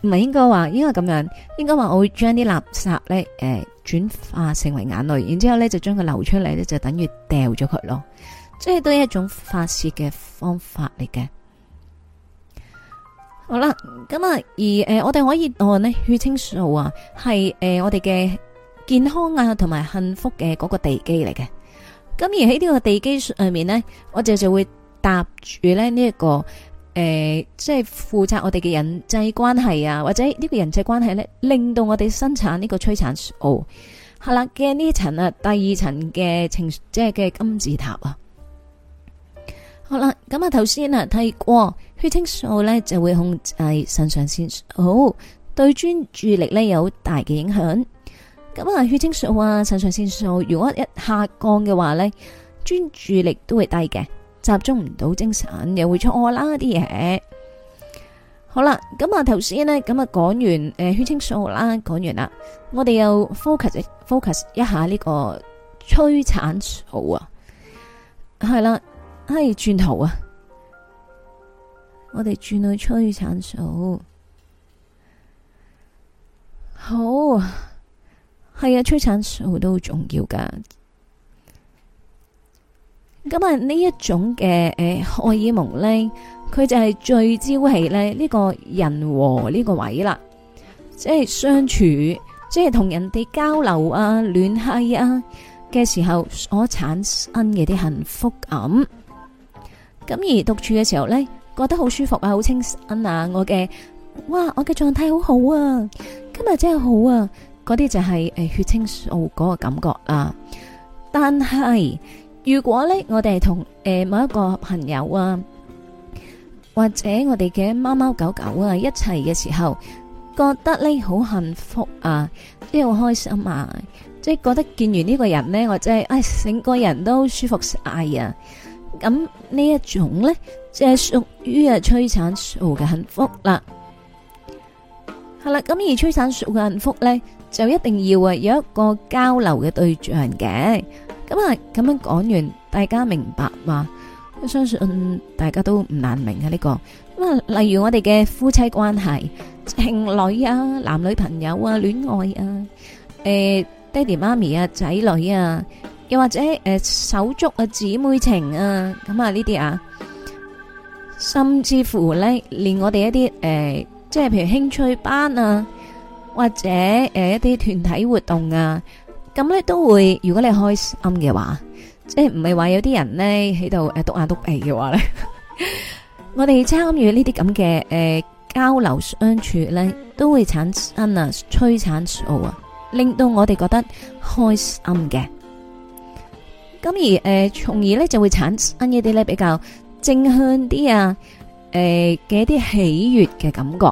唔 係應該話應該咁樣，應該話我會將啲垃圾咧誒、呃、轉化成為眼淚，然之後咧就將佢流出嚟咧，就等於掉咗佢咯，即係都係一種發泄嘅方法嚟嘅。好啦，咁啊而誒、呃，我哋可以按呢血清素啊係誒、呃、我哋嘅健康啊同埋幸福嘅嗰個地基嚟嘅。咁而喺呢個地基上面咧，我哋就，就會搭住咧呢一、這個。誒、呃，即係負責我哋嘅人際關係啊，或者呢個人際關係咧，令到我哋生產呢個催產素，係啦嘅呢層啊，第二層嘅情，即係嘅金字塔啊，好啦，咁啊頭先啊睇過血清素咧就會控制腎上腺素，對專注力咧有大嘅影響。咁、嗯、啊，血清素啊，腎上腺素如果一下降嘅話咧，專注力都會低嘅。集中唔到精神，又會錯啦啲嘢。好啦，咁啊頭先呢，咁啊講完誒血清素啦，講完啦，我哋又 focus focus 一下呢個催產素啊。係啦，唉，轉頭啊，我哋轉去催產素。好，係啊，催產素都好重要噶。咁啊，呢、嗯、一種嘅誒，荷、欸、爾蒙咧，佢就係聚焦係咧呢、這個人和呢個位啦，即係相處，即係同人哋交流啊、聯繫啊嘅時候所產生嘅啲幸福感。咁、嗯、而獨處嘅時候咧，覺得好舒服啊，好清新啊，我嘅，哇，我嘅狀態好好啊，今日真係好啊，嗰啲就係誒血清素嗰個感覺啦、啊。但係。如果呢，我哋同誒某一個朋友啊，或者我哋嘅貓貓狗狗啊一齊嘅時候，覺得呢好幸福啊，即係好開心啊，即係覺得見完呢個人呢，我真係唉成個人都舒服晒啊！咁呢一種呢，即係屬於啊催產素嘅幸福啦。係啦，咁而催產素嘅幸福呢，就一定要啊有一個交流嘅對象嘅。咁啊，咁樣講完，大家明白嘛？相信大家都唔難明啊呢個。咁啊，例如我哋嘅夫妻關係、情侶啊、男女朋友啊、戀愛啊、誒爹哋媽咪啊、仔女啊，又或者誒手足啊、姊妹情啊，咁啊呢啲啊，甚至乎咧，連我哋一啲誒，即係譬如興趣班啊，或者誒一啲團體活動啊。咁咧都會，如果你開心嘅話，即係唔係話有啲人咧喺度誒篤眼篤鼻嘅話咧，我哋參與呢啲咁嘅誒交流相處咧，都會產生啊催產素啊，令到我哋覺得開心嘅。咁而誒，從而咧就會產生一啲咧比較正向啲啊誒嘅一啲喜悅嘅感覺。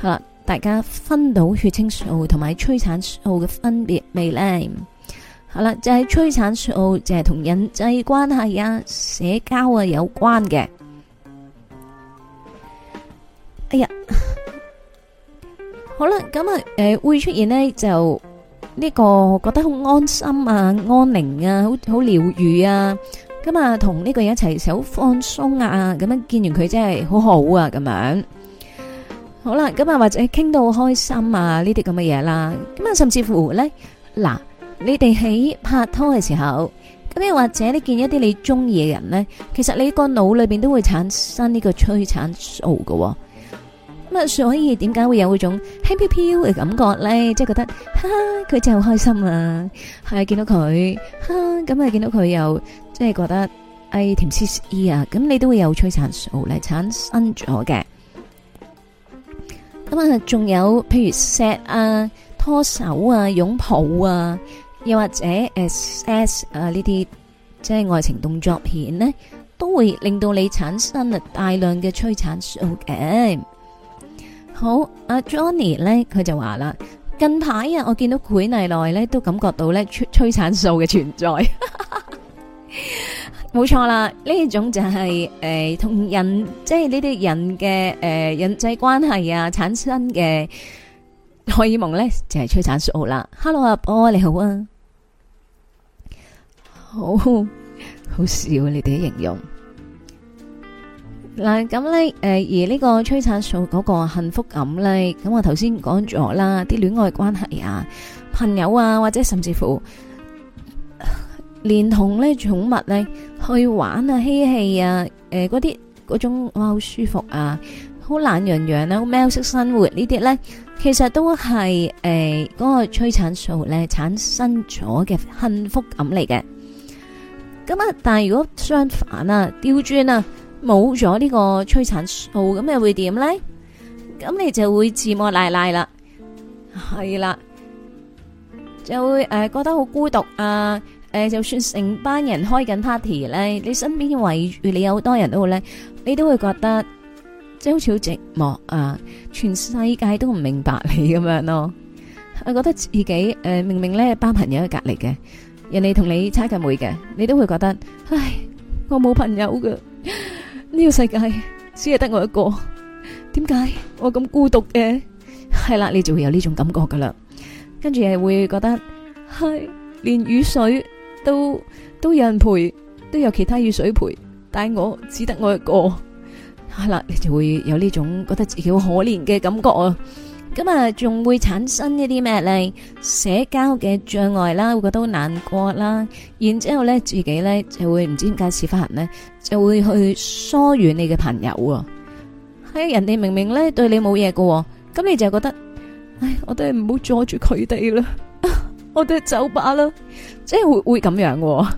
好啦。大家分到血清素同埋催產素嘅分別未咧？好啦，就係催產素就係同人際關係啊、社交啊有關嘅。哎呀，好啦，咁啊，誒會出現咧就呢個覺得好安心啊、安寧啊、好好療愈啊，咁啊同呢個人一齊就好放鬆啊，咁樣見完佢真係好好啊，咁樣。好啦，咁啊或者傾到好開心啊呢啲咁嘅嘢啦，咁啊甚至乎咧嗱，你哋喺拍拖嘅時候，咁又或者你見一啲你中意嘅人咧，其實你個腦裏邊都會產生呢個催產素嘅喎，咁啊所以點解會有嗰種輕飄飄嘅感覺咧？即係覺得，佢真係好開心啊！係見到佢，哈咁啊見到佢又即係覺得哎，甜絲絲啊！咁你都會有催產素嚟產生咗嘅。咁啊，仲有譬如錫啊、拖手啊、擁抱啊，又或者誒，S S 啊呢啲，即係愛情動作片咧，都會令到你產生大量嘅催產素嘅。好，阿 Johnny 咧，佢就話啦，近排啊，我見到佢泥內咧，都感覺到咧催催產素嘅存在。冇錯啦，呢一種就係誒同人，即係呢啲人嘅誒、呃、人際關係啊，產生嘅荷爾蒙咧，就係、是、催產素啦。Hello 阿波你好啊，好好笑、啊、你哋形容嗱，咁咧誒而呢個催產素嗰個幸福感咧，咁我頭先講咗啦，啲戀愛關係啊，朋友啊，或者甚至乎。連同呢寵物咧去玩啊嬉戲，戲啊，誒嗰啲嗰種哇好舒服啊，好懶洋洋啊，好喵式生活呢啲咧，其實都係誒嗰個催產素咧產生咗嘅幸福感嚟嘅。咁啊，但係如果相反啊，調轉啊，冇咗呢個催產素，咁又會點咧？咁你就會寂寞賴賴啦，係啦，就會誒、呃、覺得好孤獨啊。誒，就算成班人開緊 party 咧，你身邊圍住你有好多人都好叻，你都會覺得即係好似好寂寞啊！全世界都唔明白你咁樣咯，我覺得自己誒明明咧班朋友喺隔籬嘅，人哋同你差近會嘅，你都會覺得，唉，我冇朋友嘅，呢個世界只係得我一個，點解我咁孤獨嘅？係啦，你就會有呢種感覺噶啦，跟住又會覺得係連雨水。都都有人陪，都有其他雨水陪，但係我只得我一個，係、啊、啦，你就會有呢種覺得自己好可憐嘅感覺啊！咁啊，仲會產生一啲咩咧？社交嘅障礙啦，會覺得好難過啦。然之後咧，自己咧就會唔知點解事發行咧，就會去疏遠你嘅朋友。係、哎、人哋明明咧對你冇嘢嘅，咁你就覺得，唉、哎，我都係唔好阻住佢哋啦。我都走吧啦，即係會會咁樣喎、哦，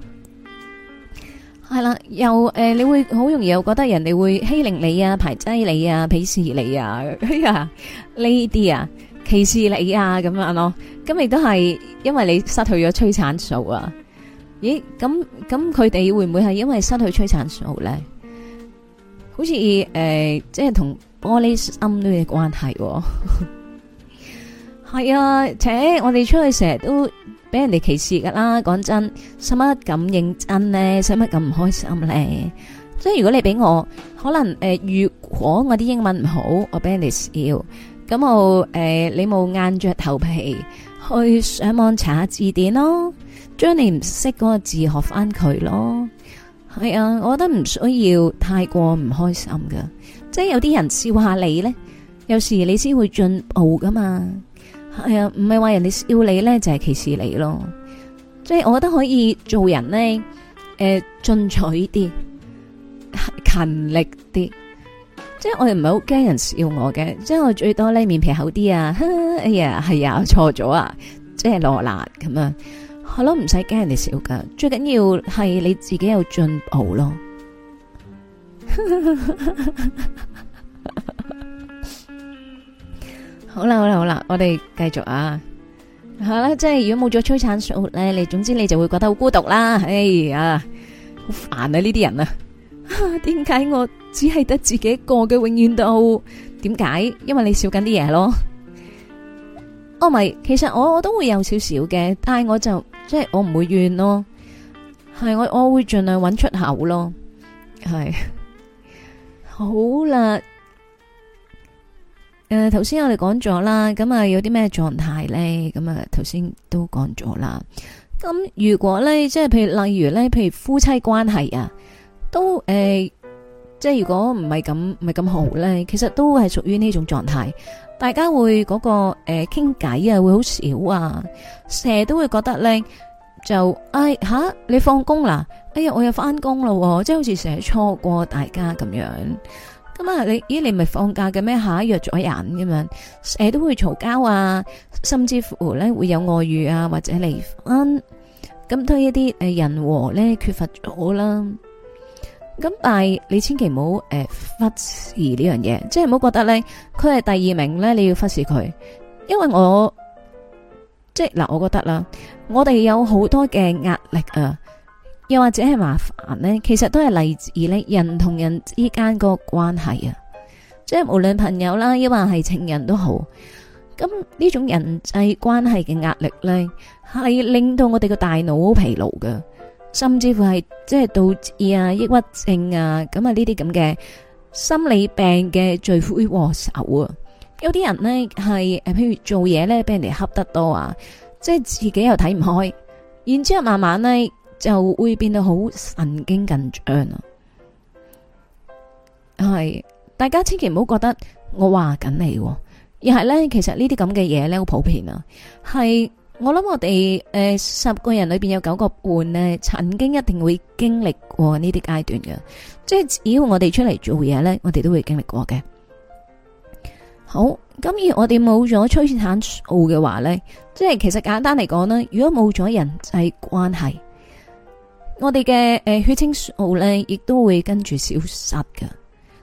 係啦，又誒、呃，你會好容易又覺得人哋會欺凌你啊、排擠你啊、鄙視你啊、哎呀呢啲啊、歧視你啊咁樣咯，咁亦都係因為你失去咗催產素啊，咦？咁咁佢哋會唔會係因為失去催產素咧？好似誒、呃，即係同玻璃心呢嘅關係、哦。係啊，請我哋出去成日都俾人哋歧視噶啦。講真，使乜咁認真咧？使乜咁唔開心咧？即係如果你俾我，可能誒、呃，如果我啲英文唔好，我俾人哋笑，咁我誒、呃，你冇硬着頭皮去上網查下字典咯，將你唔識嗰個字學翻佢咯。係啊，我覺得唔需要太過唔開心噶。即係有啲人笑下你咧，有時你先會進步噶嘛。係啊，唔係話人哋笑你咧，就係、是、歧視你咯。即係我覺得可以做人咧，誒、呃，進取啲，勤力啲。即係我哋唔係好驚人笑我嘅，即係我最多咧，面皮厚啲啊哈哈。哎呀，係啊，我錯咗啊，即係羅辣。咁啊。我諗唔使驚人哋笑噶，最緊要係你自己有進步咯。 好啦好啦好啦，我哋繼續啊！係、啊、啦，即係如果冇咗催產素咧，你總之你就會覺得好孤獨啦，哎啊，好煩啊呢啲人啊！點解我只係得自己一個嘅永遠都？點解？因為你少緊啲嘢咯。哦咪，其實我我都會有少少嘅，但係我就即係我唔會怨咯，係我我會盡量搵出口咯，係好啦。誒，頭先我哋講咗啦，咁啊有啲咩狀態咧？咁啊頭先都講咗啦。咁如果咧，即係譬如例如咧，譬如夫妻關係啊，都誒，即係如果唔係咁唔係咁好咧，其實都係屬於呢種狀態。大家會嗰個誒傾偈啊，會好少啊，成日都會覺得咧就誒吓你放工啦，哎呀我又翻工咯，即係好似成日錯過大家咁樣。咁啊，你咦你咪放假嘅咩？下、啊、一約咗人咁樣，都、啊、會嘈交啊，甚至乎咧會有外遇啊，或者離婚，咁對一啲誒人和咧缺乏咗啦。咁、啊、但係你千祈唔好誒忽視呢樣嘢，即係唔好覺得咧佢係第二名咧，你要忽視佢，因為我即係嗱、啊，我覺得啦，我哋有好多嘅壓力啊。又或者係麻煩咧，其實都係嚟自咧人同人之間個關係啊。即係無論朋友啦，亦或係情人都好，咁呢種人際關係嘅壓力咧，係令到我哋個大腦好疲勞噶，甚至乎係即係導致啊抑鬱症啊咁啊呢啲咁嘅心理病嘅罪魁禍首啊。有啲人咧係誒，譬如做嘢咧，俾人哋恰得多啊，即係自己又睇唔開，然之後慢慢咧。就會變得好神經緊張啊。係大家千祈唔好覺得我話緊你，而係咧，其實呢啲咁嘅嘢咧好普遍啊。係我諗我哋誒、呃、十個人裏邊有九個半呢曾經一定會經歷過呢啲階段嘅。即係只要我哋出嚟做嘢咧，我哋都會經歷過嘅。好咁，而我哋冇咗催產素嘅話咧，即係其實簡單嚟講呢，如果冇咗人際關係。我哋嘅誒血清素咧，亦都會跟住消失嘅，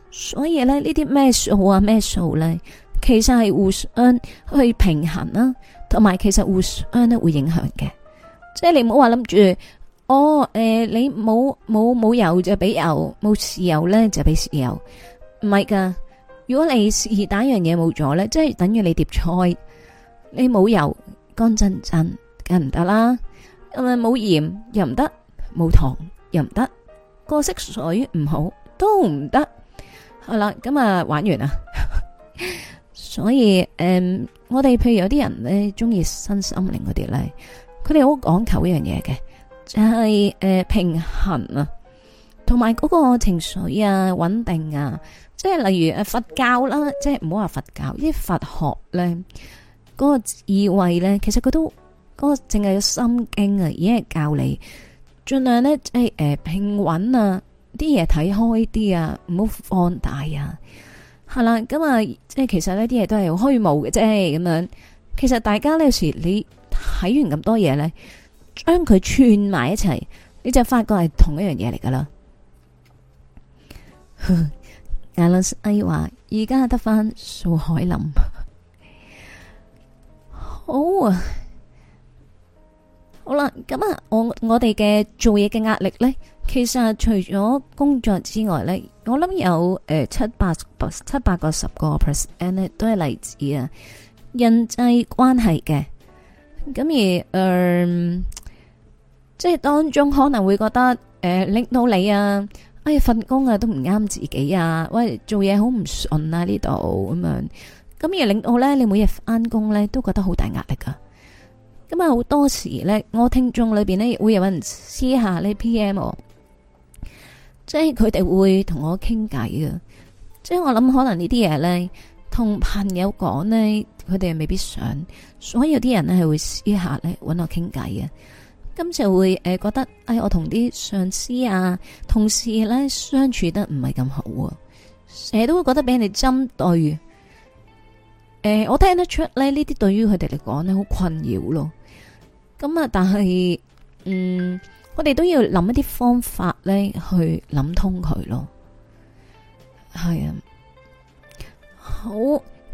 所以咧呢啲咩素啊咩素咧，其實係互相去平衡啦、啊，同埋其實互相都會影響嘅。即係你唔好話諗住哦誒、呃，你冇冇冇油就俾油，冇豉油咧就俾豉，豉油，唔係噶。如果你而打樣嘢冇咗咧，即係等於你碟菜你冇油乾陣陣梗唔得啦，誒冇鹽又唔得。冇糖又唔得，個色水唔好都唔得。好啦，咁啊玩完啊， 所以誒、嗯，我哋譬如有啲人咧，中意新心靈嗰啲咧，佢哋好講求一樣嘢嘅，就係、是、誒、呃、平衡啊，同埋嗰個情緒啊穩定啊，即係例如誒佛教啦、啊，即係唔好話佛教，因為佛學咧，嗰、那個智慧咧，其實佢都嗰、那個淨係心經啊，而家教你。盡量誒、欸、平穩啊，啲嘢睇開啲啊，唔好放大啊，係啦，咁、嗯、啊，即係其實呢啲嘢都係好虛無嘅啫，咁樣，其實大家呢，有時你睇完咁多嘢呢，將佢串埋一齊，你就發覺係同一樣嘢嚟噶啦。阿倫 A 話：而家得翻數海林，好啊。好啦，咁啊，我我哋嘅做嘢嘅壓力呢，其實除咗工作之外呢，我諗有誒七八百七八個十個 percent 都係嚟自啊，人際關係嘅，咁而誒、呃，即係當中可能會覺得誒、呃，令到你啊，哎呀份工啊都唔啱自己啊，喂做嘢好唔順啊呢度咁樣，咁而令到呢，你每日翻工呢，都覺得好大壓力噶。咁啊，好多時呢，我聽眾裏邊呢，會有人私下呢 PM 我，即係佢哋會同我傾偈㗎。即係我諗，可能呢啲嘢呢，同朋友講呢，佢哋未必想，所以有啲人呢，係會私下呢揾我傾偈嘅，咁就會誒覺得，哎，我同啲上司啊、同事呢，相處得唔係咁好啊，成日都會覺得俾人哋針對。誒、欸，我聽得出呢，呢啲對於佢哋嚟講呢，好困擾咯。咁啊，但係，嗯，我哋都要諗一啲方法咧，去諗通佢咯。係啊，好，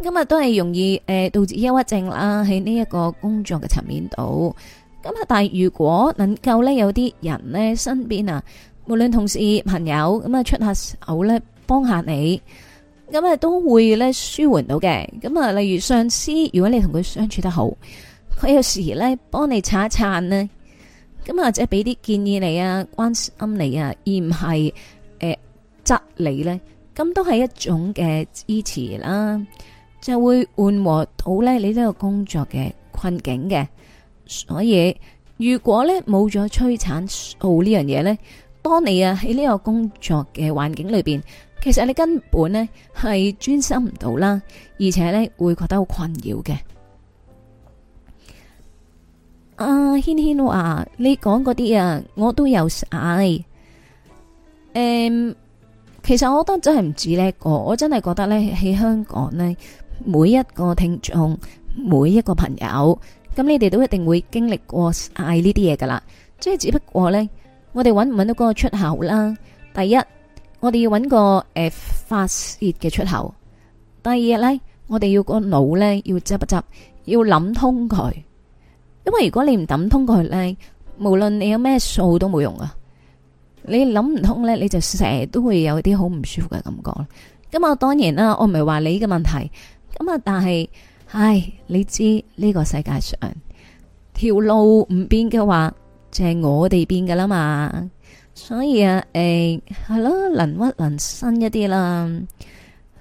今、嗯、日都係容易誒、呃、導致抑鬱症啦喺呢一個工作嘅層面度。咁、嗯、啊，但係如果能夠咧有啲人呢身邊啊，無論同事朋友咁啊出下手咧幫下你，咁、嗯、啊都會咧舒緩到嘅。咁、嗯、啊，例如上司，如果你同佢相處得好。我有時咧幫你查一撐呢，咁或者俾啲建議你啊，關心你啊，而唔係誒質你呢。咁都係一種嘅支持啦，就會緩和到呢你呢個工作嘅困境嘅。所以如果呢冇咗催產素呢樣嘢呢，當你啊喺呢個工作嘅環境裏邊，其實你根本呢係專心唔到啦，而且呢會覺得好困擾嘅。啊，軒軒話你講嗰啲啊，我都有嗌。誒，其實我都真係唔止呢個，我真係覺得呢，喺香港呢，每一個聽眾，每一個朋友，咁你哋都一定會經歷過嗌呢啲嘢噶啦。即係只不過呢，我哋揾唔揾到嗰個出口啦。第一，我哋要揾個誒發洩嘅出口。第二日呢，我哋要個腦呢，要執一執，要諗通佢。因為如果你唔諗通過呢，無論你有咩數都冇用啊。你諗唔通呢，你就成日都會有啲好唔舒服嘅感覺。咁啊，當然啦，我唔係話你嘅問題。咁啊，但係唉，你知呢個世界上條路唔變嘅話，就係、是、我哋變噶啦嘛。所以啊，誒係咯，能屈能伸一啲啦。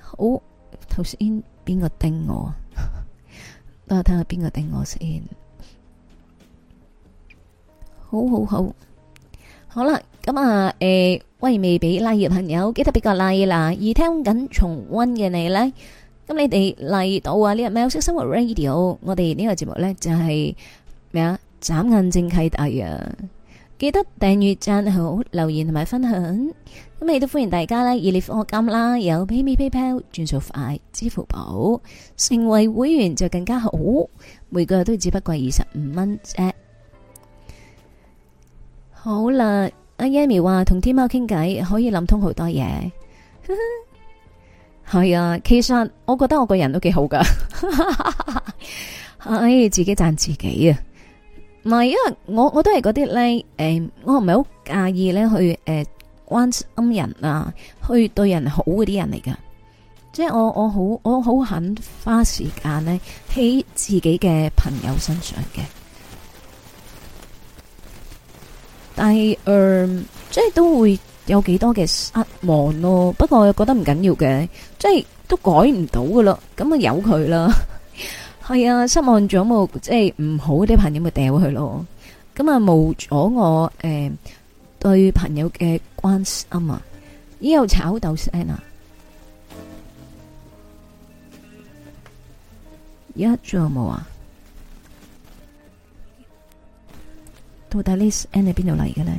好頭先邊個叮我？等 我睇下邊個叮我先。好好好，好啦，咁、嗯、啊，誒，威未俾拉，熱朋友記得俾個拉啦，而聽緊重溫嘅你呢，咁你哋嚟到啊呢個喵式生活 radio，我哋呢個節目呢、就是，就係咩啊？眨眼正契弟啊！記得訂閱、讚好、留言同埋分享，咁亦都歡迎大家咧熱烈課金啦，有 PayMePayPal 轉數快，支付寶成為會員就更加好，每個月都只不過二十五蚊啫。好啦，阿 Yamie 話同天喵傾偈可以諗通好多嘢，係 啊，其實我覺得我個人都幾好噶，唉、 哎，自己讚自己啊，唔係因為我我都係嗰啲咧，誒、呃，我唔係好介意咧去誒、呃、關心人啊，去對人好嗰啲人嚟噶，即、就、係、是、我我好我好肯花時間咧喺自己嘅朋友身上嘅。但係，嗯，即係都會有幾多嘅失望咯。不過我又覺得唔緊要嘅，即係都改唔到噶咯。咁啊由佢啦，係啊失望咗冇？即係唔好啲朋友咪掉佢咯。咁啊冇咗我誒對朋友嘅關心啊，又炒豆聲啊，一仲有冇啊！到底呢個 end 喺邊度嚟嘅咧？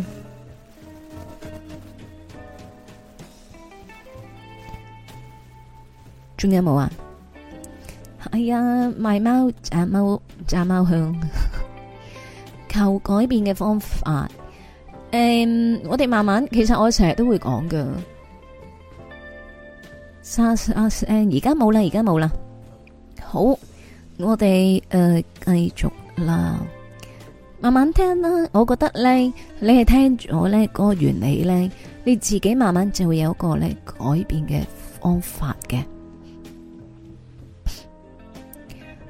仲有冇啊？係啊，賣貓炸貓炸貓香，求改變嘅方法。誒，我哋慢慢，其實我成日都會講㗎。沙沙聲，而家冇啦，而家冇啦。好，我哋誒繼續啦。慢慢聽啦，我覺得呢，你係聽住我呢個原理呢，你自己慢慢就會有一個呢改變嘅方法嘅。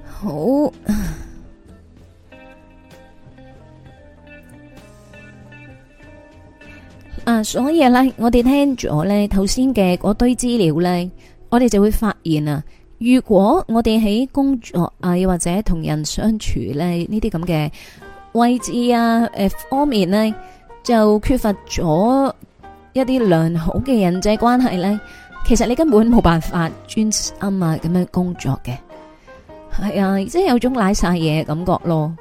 好 啊，所以呢，我哋聽住我呢頭先嘅嗰堆資料呢，我哋就會發現啊。如果我哋喺工作啊，又或者同人相處呢，呢啲咁嘅。位置啊，誒方面咧就缺乏咗一啲良好嘅人際關係咧，其實你根本冇辦法專心啊，咁樣工作嘅，係啊，即係有種瀨晒嘢感覺咯。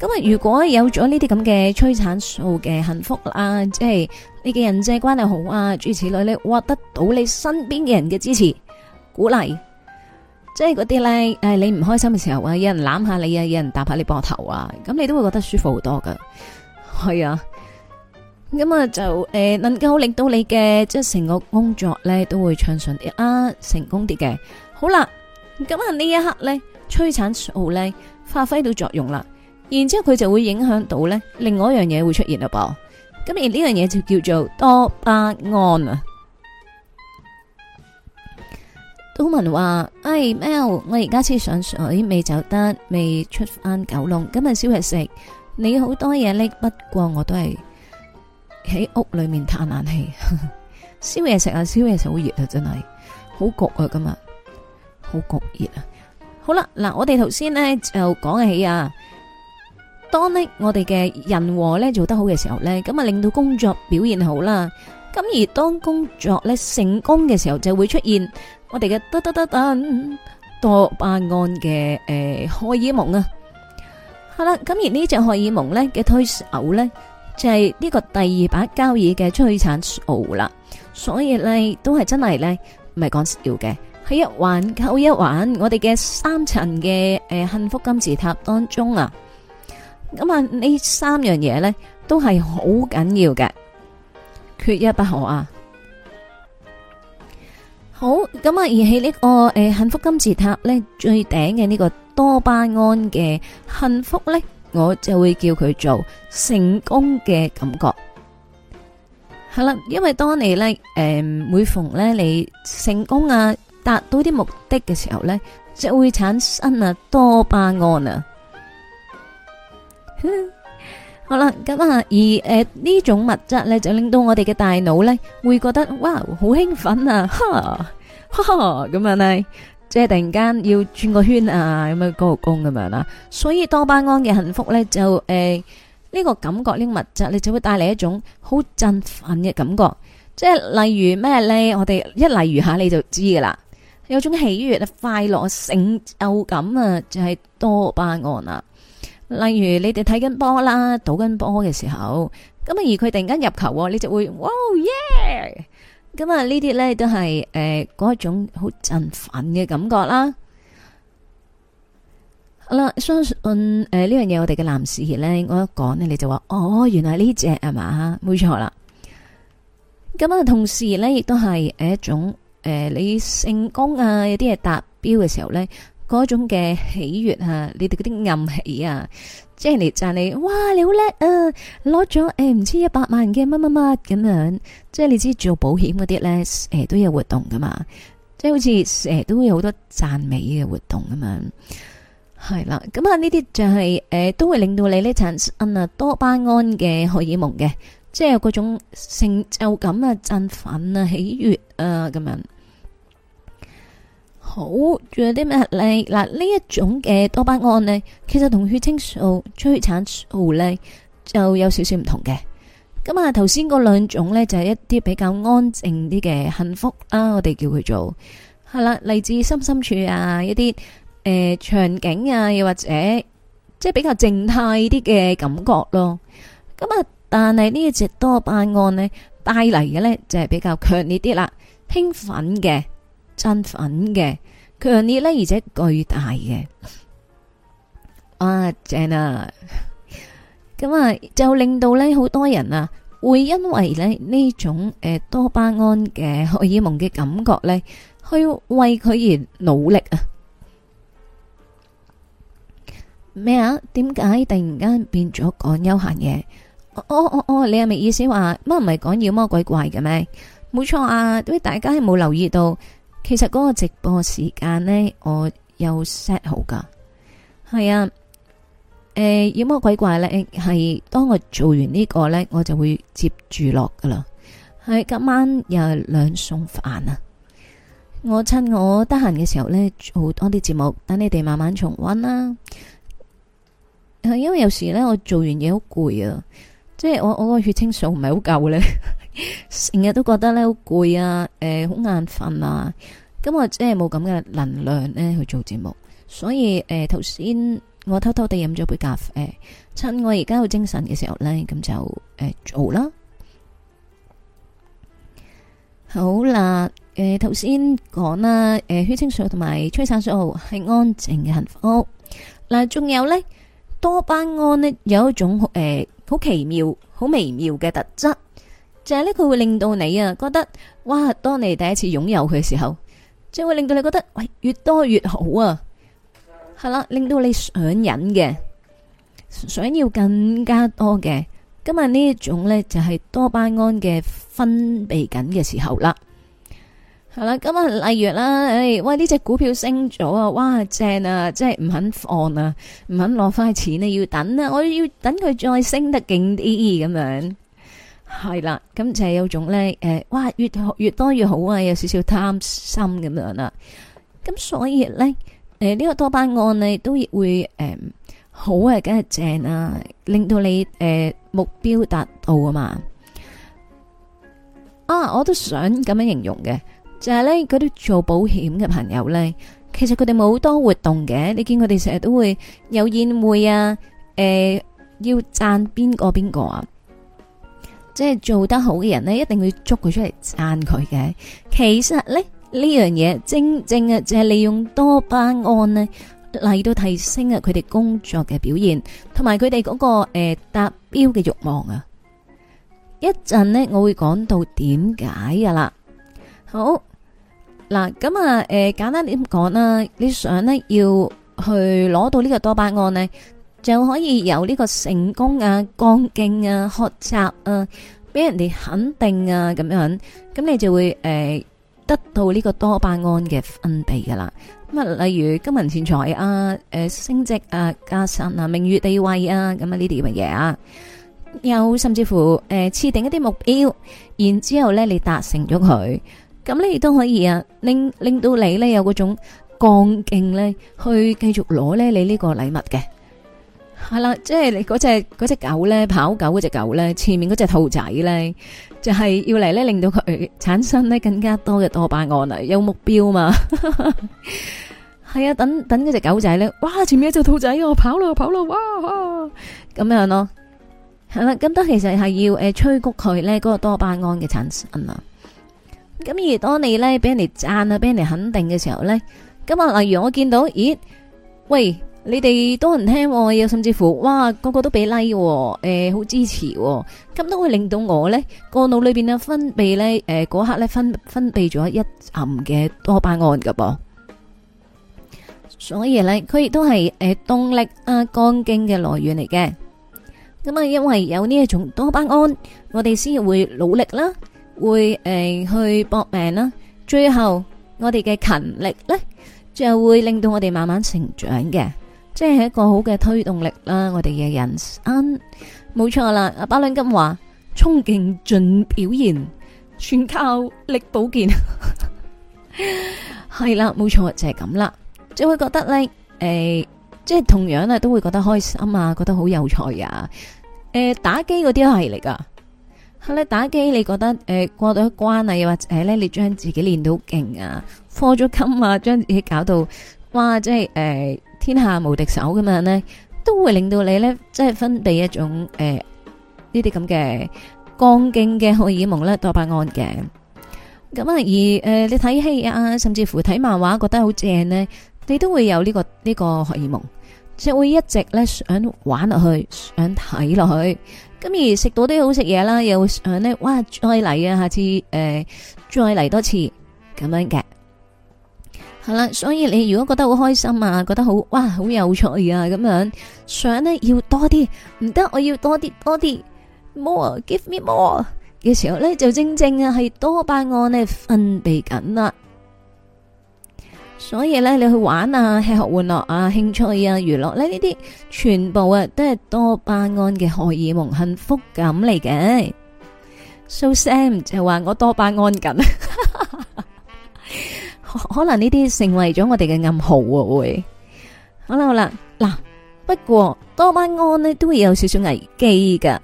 咁啊，如果有咗呢啲咁嘅催產素嘅幸福啊，即係你嘅人際關係好啊，諸如此類咧，獲得到你身邊嘅人嘅支持鼓勵。即係嗰啲咧，誒，你唔開心嘅時候啊，有人攬下你啊，有人搭下你膊頭啊，咁你都會覺得舒服好多噶。係啊，咁啊就誒、呃、能夠令到你嘅即係成個工作咧都會暢順啲啊，成功啲嘅。好啦，咁啊呢一刻咧，催產素咧發揮到作用啦，然之後佢就會影響到咧另外一樣嘢會出現嘞噃，咁而呢樣嘢就叫做多巴胺啊。都聞話，哎，Mel，我而家先上水，未走得，未出翻九龍。今日燒嘢食，你好多嘢拎，不過我都係喺屋裏面嘆冷氣。燒嘢食啊，燒嘢食好熱啊，真係好焗啊，今日好焗熱啊。好啦，嗱，我哋頭先呢就講起啊，當呢我哋嘅人和呢做得好嘅時候呢，咁啊令到工作表現好啦。咁而當工作咧，成功嘅時候，就會出現我哋嘅噔噔噔噔多巴胺嘅誒荷爾蒙啊！好啦，咁而呢隻荷爾蒙咧嘅推手咧，就係呢個第二把交椅嘅催產素啦。所以咧都係真係咧唔係講笑嘅，喺一環扣一環，我哋嘅三層嘅誒幸福金字塔當中啊，咁啊呢三樣嘢咧都係好緊要嘅。缺一不可啊！好，咁啊而喺呢個誒幸福金字塔咧最頂嘅呢個多巴胺嘅幸福咧，我就會叫佢做成功嘅感覺。係啦，因為當你咧誒每逢咧你成功啊達到啲目的嘅時候咧，就會產生啊多巴胺啊。好啦，咁啊，而誒呢、呃、種物質咧就令到我哋嘅大腦咧會覺得「哇好興奮啊，哈，哈！」咁樣呢，即係突然間要轉個圈啊，咁樣高個功咁樣啦。所以多巴胺嘅幸福咧就誒呢、呃這個感覺，呢、這個、物質呢，就會帶嚟一種好振奮嘅感覺。即係例如咩咧，我哋一例如一下你就知噶啦，有種喜悅、快樂、成就感啊，就係、是、多巴胺啊。例如你哋睇緊波啦，賭緊波嘅時候，咁而佢突然間入球，你就會哇耶！咁啊，呢啲咧都係誒嗰一種好振奮嘅感覺啦。好啦，相信誒呢樣嘢，呃、我哋嘅男士咧，我一講呢，你就話哦，原來呢隻係嘛，冇錯啦。咁啊，同時咧亦都係誒一種誒、呃、你成功啊，有啲嘢達標嘅時候咧。嗰種嘅喜悅啊，你哋嗰啲暗喜啊，即係你讚你，哇，你好叻啊，攞咗誒唔知一百萬嘅乜乜乜咁樣，即係你知做保險嗰啲咧，誒都有活動噶嘛，即係好似誒都有好多讚美嘅活動噶嘛，係啦，咁啊呢啲就係、是、誒、呃、都會令到你呢，產生啊多巴胺嘅荷爾蒙嘅，即係嗰種成就感啊、振奮啊、喜悅啊咁樣。好，仲有啲咩咧？嗱，呢一種嘅多巴胺咧，其實同血清素、催產素咧就有少少唔同嘅。咁啊，頭先嗰兩種咧就係一啲比較安靜啲嘅幸福啊，我哋叫佢做係啦，嚟自心深處啊，一啲誒場景啊，又或者即係比較靜態啲嘅感覺咯。咁啊，但係呢一隻多巴胺咧帶嚟嘅咧就係比較強烈啲啦，興奮嘅。振奮嘅，強烈呢，而且巨大嘅，哇正啊！咁啊，就令到呢好多人啊，會因為咧呢種誒、呃、多巴胺嘅荷爾蒙嘅感覺呢，去為佢而努力啊！咩啊？點解突然間變咗講休閒嘢？哦，我、哦、我、哦，你係咪意思話乜唔係講妖魔鬼怪嘅咩？冇錯啊！點解大家係冇留意到。其實嗰個直播時間呢，我有 set 好噶，係啊，誒，妖魔鬼怪呢？係當我做完呢個呢，我就會接住落噶啦。係今晚又係兩餸飯啊！我趁我得閒嘅時候呢做好多啲節目，等你哋慢慢重溫啦。因為有時呢，我做完嘢好攰啊，即係我我個血清素唔係好夠呢。 成日 都覺得咧好攰啊，誒、呃，好眼瞓啊，咁我即係冇咁嘅能量咧去做節目，所以誒，頭、呃、先我偷偷地飲咗杯咖啡，趁我而家好精神嘅時候呢，咁就誒、呃、做啦。好啦，誒、呃，頭先講啦，誒、呃，血清素同埋催產素係安靜嘅幸福。嗱、呃，仲有呢，多巴胺呢，有一種誒好、呃、奇妙好微妙嘅特質。就係呢，佢會令到你啊，覺得哇，當你第一次擁有佢嘅時候，就會令到你覺得喂，越多越好啊，係啦，令到你想癮嘅，想要更加多嘅。今日呢一種呢就係多巴胺嘅分泌緊嘅時候啦。係啦，今日例如啦，誒、哎，喂，呢隻股票升咗啊，哇，正啊，即係唔肯放啊，唔肯攞翻錢啊，要等啊，我要等佢再升得勁啲咁樣。係啦，咁就係有種咧，誒，哇，越學越多越好啊，有少少貪心咁樣啦。咁所以咧，誒，呢個多班案咧，都會，誒，好啊，梗係正啊，令到你誒目標達到啊嘛。啊，我都想咁樣形容嘅，就係咧，嗰啲做保險嘅朋友咧，其實佢哋冇多活動嘅，你見佢哋成日都會有宴會啊，誒，要讚邊個邊個啊。即係做得好嘅人呢，一定會捉佢出嚟讚佢嘅。其實咧呢呢樣嘢，正正啊就係、是、利用多巴胺呢嚟到提升啊佢哋工作嘅表現，同埋佢哋嗰個誒達、呃、標嘅欲望啊。一陣呢，我會講到點解噶啦。好嗱咁啊，誒、呃、簡單點講啦，你想呢，要去攞到呢個多巴胺呢。就可以有呢個成功啊、幹勁啊、學習啊，俾人哋肯定啊，咁樣咁你就會誒、呃、得到呢個多巴胺嘅分泌噶啦。咁啊，例如金文錢財啊、誒、呃、升職啊、加薪啊、名譽地位啊，咁啊呢啲嘅嘢啊，又甚至乎誒設、呃、定一啲目標，然之後咧你達成咗佢，咁你亦都可以啊令，令到你咧有嗰種幹勁咧，去繼續攞咧你呢個禮物嘅。係啦，即係你嗰隻嗰隻狗咧，跑狗嗰隻狗咧，前面嗰隻兔仔咧，就係要嚟咧令到佢產生咧更加多嘅多巴胺啊！有目標嘛，係啊！等等嗰隻狗仔咧，哇！前面一隻兔仔哦，跑啦跑啦，哇！咁樣咯，係啦。咁都其實係要誒催谷佢咧嗰個多巴胺嘅產生啊！咁而當你咧俾人哋讚啊，俾人哋肯定嘅時候咧，咁啊，例如我見到，咦，喂！你哋多人聽，有甚至乎哇，個個都俾 like，誒，好支持，咁都會令到我咧個腦裏邊嘅分泌咧，誒，嗰刻咧分分泌咗一浸嘅多巴胺噶噃，所以咧佢亦都係誒動力啊，幹勁嘅來源嚟嘅。咁啊，因為有呢一種多巴胺，我哋先會努力啦，會誒去搏命啦，最後我哋嘅勤力咧，就會令到我哋慢慢成長嘅。即係一個好嘅推動力啦，我哋嘅人生冇、嗯、錯啦。阿巴倫金話，衝勁盡表現，全靠力保健。係 啦，冇錯就係、是、咁啦。即就會覺得咧，誒、欸，即係同樣啊，都會覺得開心啊，覺得好有才啊。誒、欸，打機嗰啲係嚟噶，係咧打機，你覺得誒、呃、過咗關啊，又或者係咧，你將自己練到勁啊，課咗金啊，將自己搞到哇，即係誒。呃天下無敵手咁樣呢，都會令到你呢，即係分泌一種誒呢啲咁嘅幹勁嘅荷爾蒙呢，多巴胺嘅。咁啊，而、呃、誒你睇戲啊，甚至乎睇漫畫覺得好正呢，你都會有呢、這個呢、這個荷爾蒙，即係會一直呢，想玩落去，想睇落去。咁而食到啲好食嘢啦，又想呢，「哇！再嚟啊，下次誒、呃、再嚟多次」咁樣嘅。係啦，所以你如果覺得好開心啊，覺得好哇好有趣啊咁樣，想呢，要多啲，唔得我要多啲多啲 more，give me more 嘅時候呢，就正正啊係多巴胺呢，分泌緊啦。所以呢，你去玩啊、吃喝玩樂啊、興趣啊、娛樂呢，呢啲全部啊都係多巴胺嘅荷爾蒙幸福感嚟嘅。So Sam 就話我多巴胺緊。 可能呢啲成為咗我哋嘅暗號啊會，好啦好啦，嗱，不過多晚安咧都會有少少危機噶。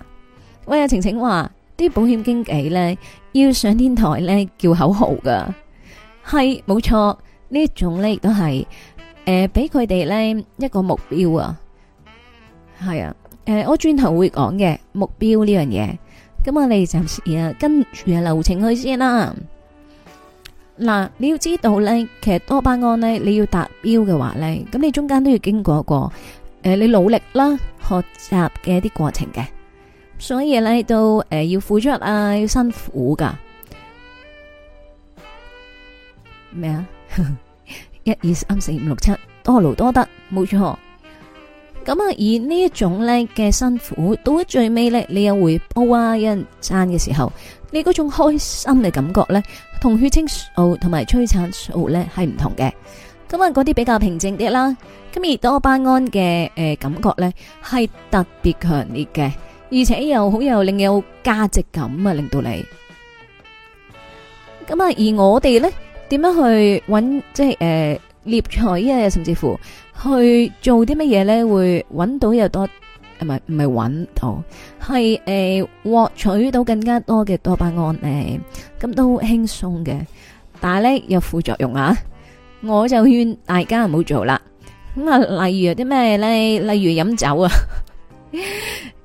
喂啊晴晴話啲保險經紀咧要上天台咧叫口號噶，係冇錯，呢種咧亦都係誒俾佢哋咧一個目標啊，係啊，誒我轉頭會講嘅目標呢樣嘢，咁我哋暫時啊跟住流程去先啦。嗱，你要知道咧，其實多巴胺咧，你要達標嘅話咧，咁你中間都要經過一個，誒，你努力啦，學習嘅一啲過程嘅，所以咧都誒要付出啊，要辛苦噶。咩啊？一二三四五六七，多勞多得，冇錯。咁啊，而呢一種咧嘅辛苦，到咗最尾咧，你有回報啊，有人賺嘅時候。你嗰種開心嘅感覺咧，同血清素同埋催產素咧係唔同嘅。咁啊，嗰啲比較平靜啲啦。咁而多巴胺嘅誒感覺咧係特別強烈嘅，而且又好有另有價值感啊，令到你。咁啊，而我哋咧點樣去揾即係誒獵財啊，甚至乎去做啲乜嘢咧，會揾到有多？係咪唔係揾到，係誒獲取到更加多嘅多巴胺誒，咁、欸、都輕鬆嘅，但係咧有副作用啊！我就勸大家唔好做啦。咁啊，例如有啲咩咧，例如飲酒啊，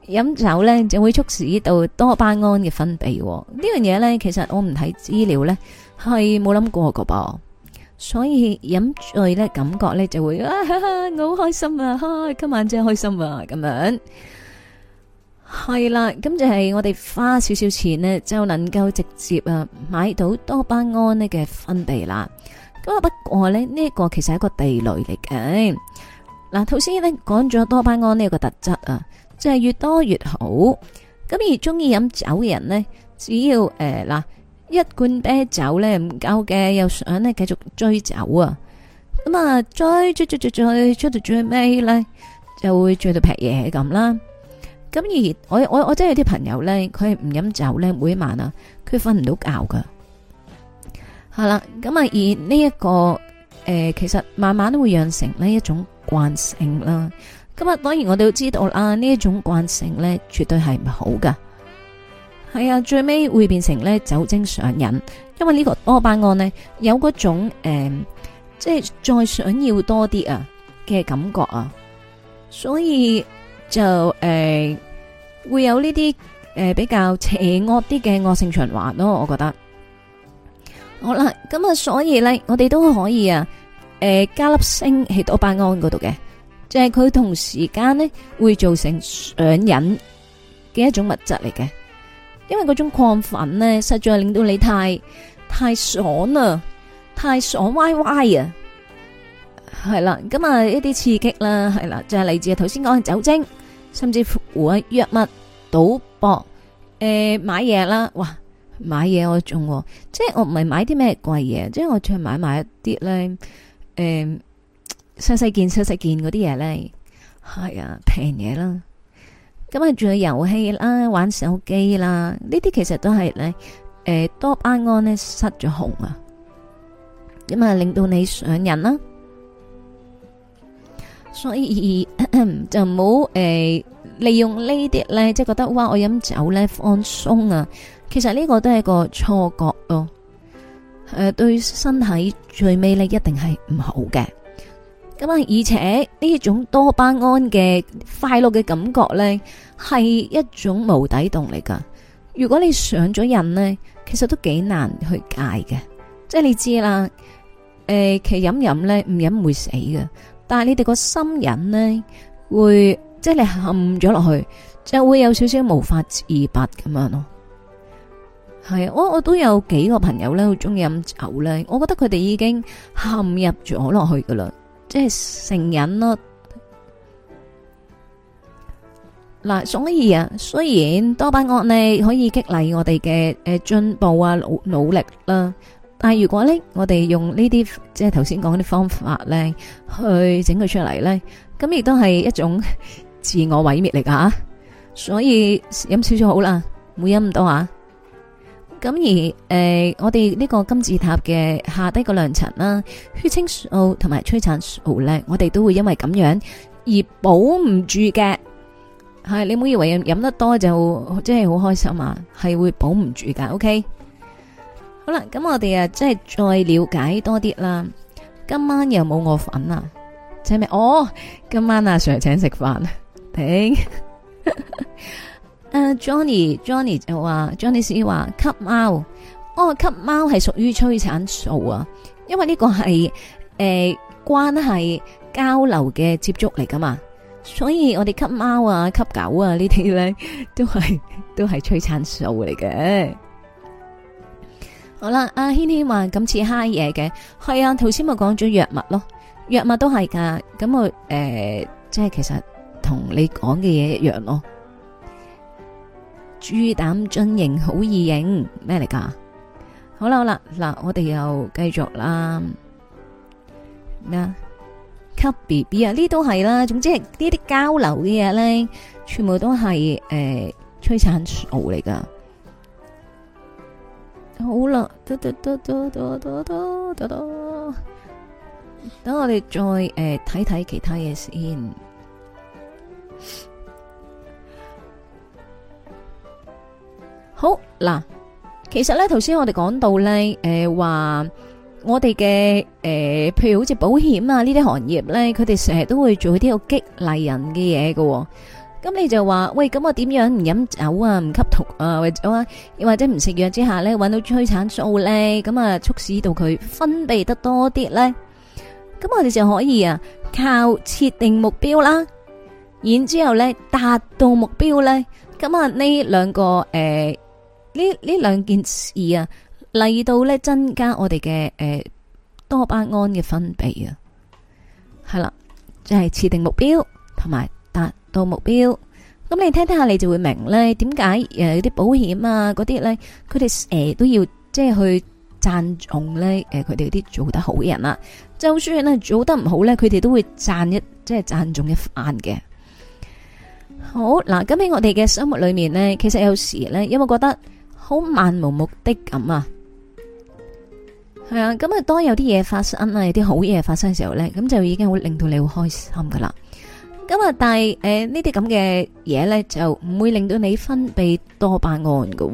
飲酒咧就會促使到多巴胺嘅分泌，啊。這呢樣嘢咧，其實我唔睇資料咧，係冇諗過嘅噃。所以飲醉呢感覺呢就會啊哈哈，我好開心啊，啊今晚真係開心啊，咁樣係啦。咁就係我哋花少少錢呢，就能夠直接啊買到多巴胺呢嘅分泌啦。咁啊，不過呢，呢個其實係一個地雷嚟嘅。嗱，頭先呢講咗多巴胺呢個特質啊，即係越多越好。咁而中意飲酒嘅人呢，只要誒，嗱。呃一罐啤酒咧唔夠嘅，又想咧繼續追酒啊！咁啊，追追追追，追，追，追到最尾咧，就會追到劈嘢咁啦。咁而我我我真係有啲朋友咧，佢係唔飲酒咧，每一晚啊，佢瞓唔到覺噶。好啦，咁啊，而呢、這、一個誒、呃，其實慢慢都會養成呢一種慣性啦。咁啊，當然我都知道啦，呢一種慣性咧，絕對係唔好噶。係啊，最尾會變成咧酒精上癮，因為呢個多巴胺呢，有嗰種誒，即係再想要多啲啊嘅感覺啊，所以就誒、呃、會有呢啲誒比較邪惡啲嘅惡性循環咯。我覺得好啦，咁、嗯、啊，所以呢，我哋都可以啊，誒、呃、加粒星喺多巴胺嗰度嘅，就係、是、佢同時間呢，會造成上癮嘅一種物質嚟嘅。因為嗰種亢奮咧，實在令到你太太爽啦、啊，太爽歪歪啊！係啦，咁啊一啲刺激啦，係啦，就係、是、嚟自啊頭先講嘅酒精，甚至乎啊藥物、賭博、誒、呃、買嘢啦，哇買嘢我中，即係我唔係買啲咩貴嘢，即係我再買埋一啲咧，誒細細件，小小件西、細細件嗰啲嘢咧，係啊平嘢啦。咁啊，仲有遊戲啦、玩手機啦，呢啲其實都係咧，誒多巴胺咧失咗控啊，咁啊令到你上癮啦。所以就唔好誒利用呢啲咧，即係覺得哇我飲酒咧放鬆啊，其實呢個都係一個錯覺咯，誒對身體最尾咧一定係唔好嘅。咁啊，而且呢一種多巴胺嘅快樂嘅感覺咧。係一種無底洞嚟噶，如果你上咗癮呢，其實都幾難去戒嘅。即係你知啦，誒、呃，其飲飲咧唔飲會死嘅，但係你哋個心癮呢，會，即係你陷咗落去，就會有少少無法自拔咁樣咯。係啊，我我都有幾個朋友咧，好中意飲酒咧，我覺得佢哋已經陷入咗落去噶啦，即係成癮啦嗱，所以啊，雖然多巴胺呢可以激勵我哋嘅誒進步啊，努努力啦。但係如果咧，我哋用呢啲即係頭先講啲方法咧，去整佢出嚟咧，咁亦都係一種自我毀滅嚟㗎。所以飲少少好啦，唔好飲咁多啊。咁而誒，我哋呢個金字塔嘅下低個兩層啦，血清素同埋催產素咧，我哋都會因為咁樣而保唔住嘅。係你唔好以為飲得多就真係好開心啊，係會保唔住噶。O、OK? K，好啦，咁我哋啊，即係再了解多啲啦。今晚又冇我份啊，請咪哦，今晚阿、啊、Sir 請食飯。停，誒、 uh,，Johnny，Johnny 就話，Johnny Sir 話吸貓，哦，吸貓係屬於催產素啊，因為呢個係誒、呃、關係交流嘅接觸嚟噶嘛。所以我哋吸貓啊、吸狗啊呢啲咧，都係都係催產素嚟嘅。好啦，阿軒軒話咁似嗨嘢嘅，係啊，頭先咪講咗藥物咯，藥物都係噶。咁我誒、呃，即係其實同你講嘅嘢一樣咯。豬膽樽型好易影咩嚟噶？好啦好啦，嗱我哋又繼續啦。咩啊？吸 B B 啊，呢都係啦，總之係呢啲交流嘅嘢咧，全部都係誒、呃、催產素嚟噶。好啦，嘟嘟嘟嘟嘟嘟嘟嘟，等我哋再誒睇睇其他嘢先。好嗱，其實咧，頭先我哋講到咧，誒、呃、話。我哋嘅誒，譬如好似保險啊呢啲行業咧，佢哋成日都會做啲好激勵人嘅嘢嘅。咁你就話喂，咁我點樣唔飲酒啊，唔吸毒啊，或者，又或者唔食藥之下咧，搵到催產素咧，咁啊促使到佢分泌得多啲咧。咁我哋就可以啊，靠設定目標啦，然之後咧達到目標咧，咁啊呢兩個誒，呢呢兩件事啊。嚟到咧，增加我哋嘅誒多巴胺嘅分泌啊，係啦，即係設定目標同埋達到目標。咁你聽聽下，你就會明咧點解誒有啲保險啊嗰啲咧，佢哋誒都要即係去讚頌咧誒，佢哋嗰啲做得好嘅人啦，啊。就算咧做得唔好咧，佢哋都會讚一即係讚頌一番嘅。好嗱，咁喺我哋嘅生活裏面咧，其實有時咧有冇覺得好漫無目的咁啊？係啊，咁啊，當有啲嘢發生啊，有啲好嘢發生嘅時候咧，咁就已經會令到你會開心噶啦。咁啊，但係誒呢啲咁嘅嘢咧，就唔會令到你分泌多巴胺噶。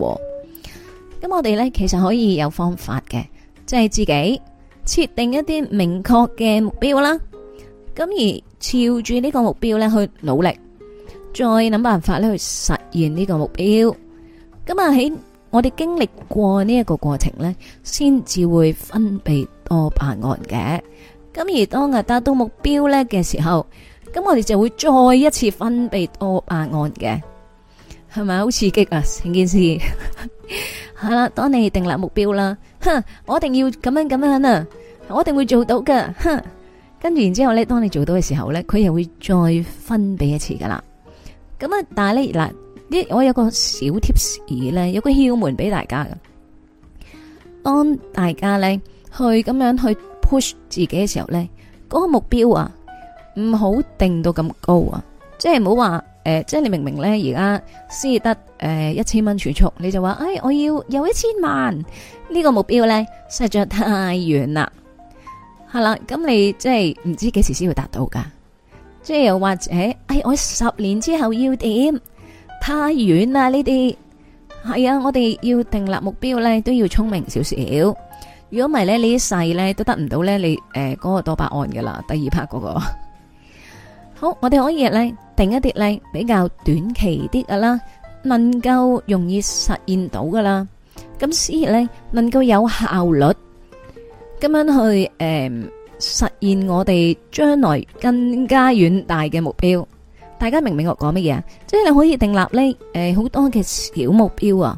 咁我哋咧其實可以有方法嘅，即係自己設定一啲明確嘅目標啦，咁而朝住呢個目標咧去努力，再諗辦法咧去實現呢個目標。咁啊喺。我哋經歷過呢一個過程咧，先至會分泌多巴胺嘅。咁而當我達到目標咧嘅時候，咁我哋就會再一次分泌多巴胺嘅，係咪好刺激啊？成件事係啦， 當你定立目標啦，哼，我一定要咁樣咁樣啊，我一定會做到噶，哼。跟住然之後咧，當你做到嘅時候咧，佢又會再分泌一次噶啦。咁啊，但係咧嗱。啲我有個小 tips 咧，有個竅門俾大家嘅。當大家咧去咁樣去 push 自己嘅時候咧，嗰、那個目標啊，唔好定到咁高啊，即係唔好話誒，即係你明明咧而家先得誒、呃、一千蚊儲蓄，你就話誒、哎、我要有一千萬呢、這個目標咧，實在太遠啦。係啦，咁你即係唔知幾時先會達到噶？即係又或者誒、哎，我十年之後要點？太遠啦呢啲，係啊，我哋要定立目標咧，都要聰明少少。如果唔係咧，你一世咧都得唔到咧，你誒嗰個多巴胺噶啦，第二 part 嗰個。好，我哋可以咧定一啲咧比較短期啲噶啦，能夠容易實現到噶啦。咁先咧能夠有效率咁樣去誒實現我哋將來更加遠大嘅目標。大家明唔明我講乜嘢？即係你可以定立咧，誒，好多嘅小目標啊。